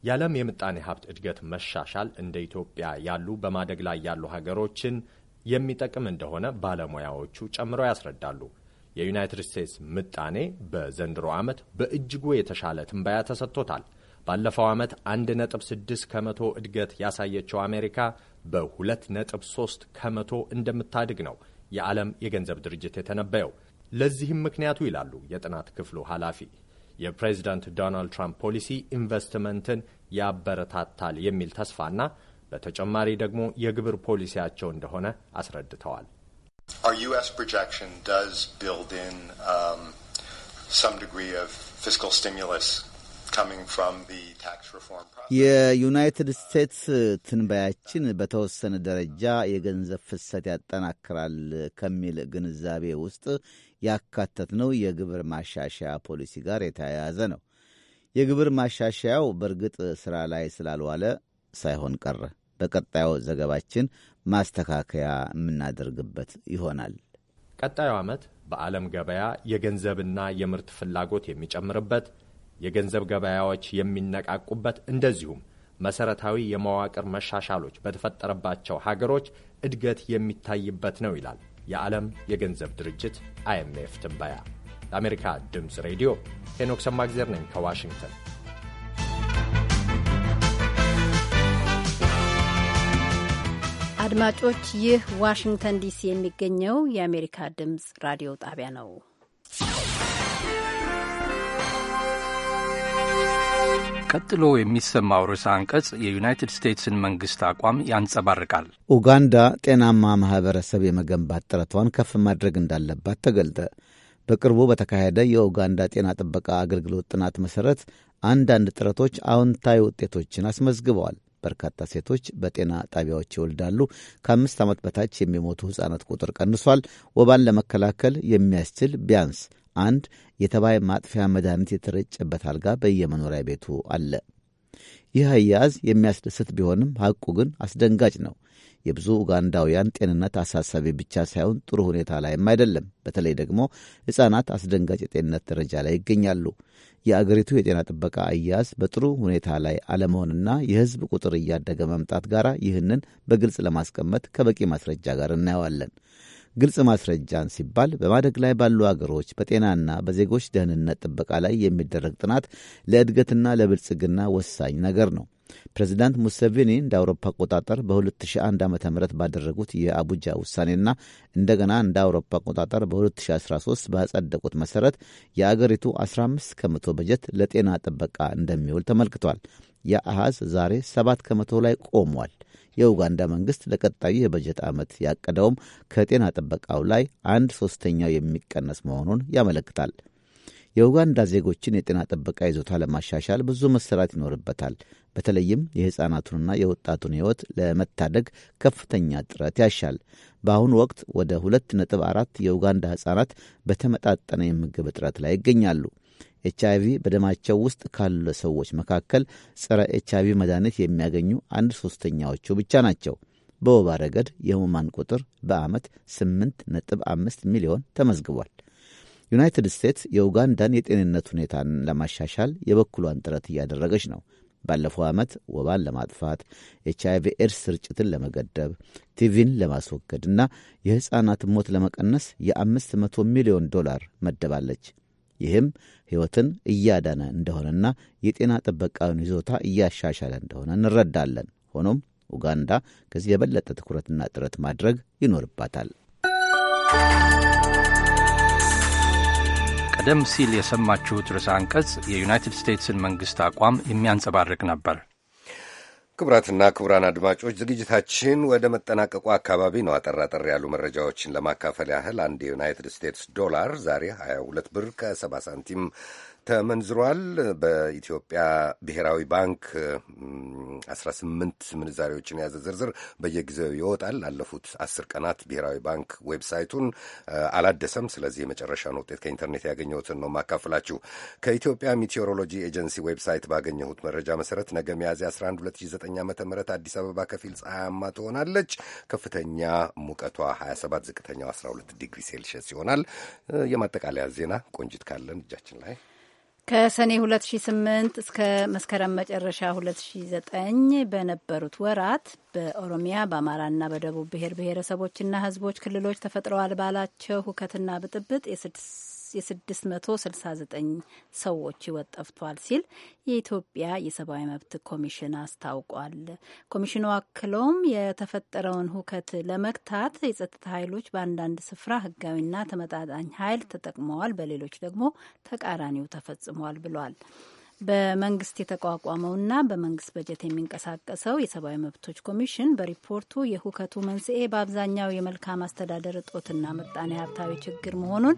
የዓለም የምጣኔ ሀብት እድገት መሻሻል እንደ ኢትዮጵያ ያሉ በማደግ ላይ ያሉ ሀገሮችን የሚጠቅም እንደሆነ ባለሙያዎቹ ጨምረው ያስረዳሉ። የዩናይትድ ስቴትስ ምጣኔ በዘንድሮ ዓመት በእጅጉ የተሻለ ትንበያ ተሰጥቶታል። ባለፈው ዓመት 1.6 ከመቶ እድገት ያሳየችው አሜሪካ በ2.3 ከመቶ እንደምታድግ ነው የዓለም የገንዘብ ድርጅት የተነበየው። ለዚህም ምክንያቱ ይላሉ የጥናት ክፍሉ ኃላፊ የፕሬዚዳንት ዶናልድ ትራምፕ ፖሊሲ ኢንቨስትመንትን ያበረታታል የሚል ተስፋና በተጨማሪ ደግሞ የግብር ፖሊሲያቸው እንደሆነ አስረድተዋል። ዩስ የዩናይትድ ስቴትስ ትንበያችን በተወሰነ ደረጃ የገንዘብ ፍሰት ያጠናክራል ከሚል ግንዛቤ ውስጥ ያካተትነው የግብር ማሻሻያ ፖሊሲ ጋር የተያያዘ ነው። የግብር ማሻሻያው በእርግጥ ሥራ ላይ ስላልዋለ ሳይሆን ቀረ። በቀጣዩ ዘገባችን ማስተካከያ የምናደርግበት ይሆናል። ቀጣዩ ዓመት በዓለም ገበያ የገንዘብና የምርት ፍላጎት የሚጨምርበት የገንዘብ ገበያዎች የሚነቃቁበት እንደዚሁም መሰረታዊ የመዋቅር መሻሻሎች በተፈጠረባቸው ሀገሮች እድገት የሚታይበት ነው ይላል የዓለም የገንዘብ ድርጅት አይኤምኤፍ ትንበያ። ለአሜሪካ ድምፅ ሬዲዮ ሄኖክ ሰማግዜር ነኝ ከዋሽንግተን። አድማጮች፣ ይህ ዋሽንግተን ዲሲ የሚገኘው የአሜሪካ ድምፅ ራዲዮ ጣቢያ ነው። ቀጥሎ የሚሰማው ርዕሰ አንቀጽ የዩናይትድ ስቴትስን መንግሥት አቋም ያንጸባርቃል። ኡጋንዳ ጤናማ ማኅበረሰብ የመገንባት ጥረቷን ከፍ ማድረግ እንዳለባት ተገልጠ። በቅርቡ በተካሄደ የኡጋንዳ ጤና ጥበቃ አገልግሎት ጥናት መሠረት አንዳንድ ጥረቶች አዎንታዊ ውጤቶችን አስመዝግበዋል። በርካታ ሴቶች በጤና ጣቢያዎች ይወልዳሉ። ከአምስት ዓመት በታች የሚሞቱ ሕፃናት ቁጥር ቀንሷል። ወባን ለመከላከል የሚያስችል ቢያንስ አንድ የተባይ ማጥፊያ መድኃኒት የተረጨበት አልጋ በየመኖሪያ ቤቱ አለ። ይህ አያያዝ የሚያስደስት ቢሆንም ሐቁ ግን አስደንጋጭ ነው። የብዙ ኡጋንዳውያን ጤንነት አሳሳቢ ብቻ ሳይሆን ጥሩ ሁኔታ ላይም አይደለም። በተለይ ደግሞ ሕፃናት አስደንጋጭ የጤንነት ደረጃ ላይ ይገኛሉ። የአገሪቱ የጤና ጥበቃ አያያዝ በጥሩ ሁኔታ ላይ አለመሆንና የሕዝብ ቁጥር እያደገ መምጣት ጋር ይህንን በግልጽ ለማስቀመጥ ከበቂ ማስረጃ ጋር እናየዋለን። ግልጽ ማስረጃን ሲባል በማደግ ላይ ባሉ አገሮች በጤናና በዜጎች ደህንነት ጥበቃ ላይ የሚደረግ ጥናት ለእድገትና ለብልጽግና ወሳኝ ነገር ነው። ፕሬዚዳንት ሙሰቪኒ እንደ አውሮፓ አቆጣጠር በ2001 ዓ ም ባደረጉት የአቡጃ ውሳኔና እንደገና እንደ አውሮፓ አቆጣጠር በ2013 ባጸደቁት መሠረት የአገሪቱ 15 ከመቶ በጀት ለጤና ጥበቃ እንደሚውል ተመልክቷል። የአሃዝ ዛሬ 7 ከመቶ ላይ ቆሟል። የኡጋንዳ መንግስት ለቀጣዩ የበጀት ዓመት ያቀደውም ከጤና ጥበቃው ላይ አንድ ሦስተኛው የሚቀነስ መሆኑን ያመለክታል። የኡጋንዳ ዜጎችን የጤና ጥበቃ ይዞታ ለማሻሻል ብዙ መሰራት ይኖርበታል። በተለይም የሕፃናቱንና የወጣቱን ሕይወት ለመታደግ ከፍተኛ ጥረት ያሻል። በአሁኑ ወቅት ወደ ሁለት ነጥብ አራት የኡጋንዳ ሕፃናት በተመጣጠነ የምግብ እጥረት ላይ ይገኛሉ። ኤች አይቪ በደማቸው ውስጥ ካሉ ሰዎች መካከል ጸረ ኤች አይቪ መድኃኒት የሚያገኙ አንድ ሦስተኛዎቹ ብቻ ናቸው። በወባ ረገድ የህሙማን ቁጥር በዓመት 8.5 ሚሊዮን ተመዝግቧል። ዩናይትድ ስቴትስ የኡጋንዳን የጤንነት ሁኔታን ለማሻሻል የበኩሏን ጥረት እያደረገች ነው። ባለፈው ዓመት ወባን ለማጥፋት ኤች አይቪ ኤድስ ስርጭትን ለመገደብ ቲቪን ለማስወገድና የሕፃናት ሞት ለመቀነስ የአምስት መቶ ሚሊዮን ዶላር መደባለች። ይህም ሕይወትን እያዳነ እንደሆነና የጤና ጥበቃውን ይዞታ እያሻሻለ እንደሆነ እንረዳለን። ሆኖም ኡጋንዳ ከዚህ የበለጠ ትኩረትና ጥረት ማድረግ ይኖርባታል። ቀደም ሲል የሰማችሁት ርዕሰ አንቀጽ የዩናይትድ ስቴትስን መንግሥት አቋም የሚያንጸባርቅ ነበር። ክቡራትና ክቡራን አድማጮች ዝግጅታችን ወደ መጠናቀቁ አካባቢ ነው። አጠራጠር ያሉ መረጃዎችን ለማካፈል ያህል አንድ የዩናይትድ ስቴትስ ዶላር ዛሬ 22 ብር ከ70 ሳንቲም ተመንዝሯል። በኢትዮጵያ ብሔራዊ ባንክ 18 ምንዛሬዎችን የያዘ ዝርዝር በየጊዜው ይወጣል። ላለፉት አስር ቀናት ብሔራዊ ባንክ ዌብሳይቱን አላደሰም። ስለዚህ የመጨረሻን ውጤት ከኢንተርኔት ያገኘሁትን ነው ማካፍላችሁ። ከኢትዮጵያ ሚቴዎሮሎጂ ኤጀንሲ ዌብሳይት ባገኘሁት መረጃ መሰረት ነገ ሚያዝያ 11 2009 ዓ ም አዲስ አበባ ከፊል ፀሐያማ ትሆናለች። ከፍተኛ ሙቀቷ 27፣ ዝቅተኛው 12 ዲግሪ ሴልሽየስ ይሆናል። የማጠቃለያ ዜና ቆንጅት ካለን እጃችን ላይ ከሰኔ 2008 እስከ መስከረም መጨረሻ 2009 በነበሩት ወራት በኦሮሚያ በአማራና በደቡብ ብሔር ብሔረሰቦችና ሕዝቦች ክልሎች ተፈጥረዋል ባላቸው ሁከትና ብጥብጥ የ669 ሰዎች ሕይወት ጠፍቷል ሲል የኢትዮጵያ የሰብአዊ መብት ኮሚሽን አስታውቋል። ኮሚሽኑ አክሎም የተፈጠረውን ሁከት ለመግታት የጸጥታ ኃይሎች በአንዳንድ ስፍራ ህጋዊና ተመጣጣኝ ኃይል ተጠቅመዋል፣ በሌሎች ደግሞ ተቃራኒው ተፈጽሟል ብሏል። በመንግስት የተቋቋመውና በመንግስት በጀት የሚንቀሳቀሰው የሰብአዊ መብቶች ኮሚሽን በሪፖርቱ የሁከቱ መንስኤ በአብዛኛው የመልካም አስተዳደር እጦትና ምጣኔ ሀብታዊ ችግር መሆኑን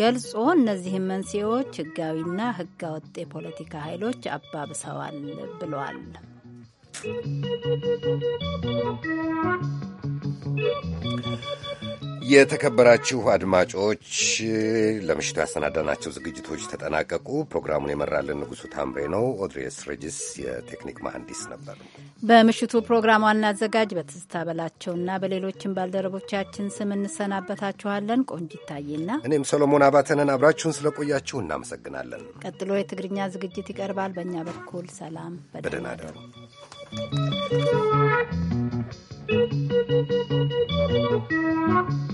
ገልጾ እነዚህም መንስኤዎች ህጋዊና ህገወጥ የፖለቲካ ኃይሎች አባብሰዋል ብለዋል። የተከበራችሁ አድማጮች ለምሽቱ ያሰናዳናቸው ዝግጅቶች ተጠናቀቁ። ፕሮግራሙን የመራልን ንጉሱ ታምሬ ነው። ኦድሬስ ሬጅስ የቴክኒክ መሐንዲስ ነበር። በምሽቱ ፕሮግራም ዋና አዘጋጅ በትዝታ በላቸውና በሌሎችም ባልደረቦቻችን ስም እንሰናበታችኋለን። ቆንጅ ይታይና እኔም ሰሎሞን አባተንን አብራችሁን ስለቆያችሁ እናመሰግናለን። ቀጥሎ የትግርኛ ዝግጅት ይቀርባል። በእኛ በኩል ሰላም፣ በደህና Thank you.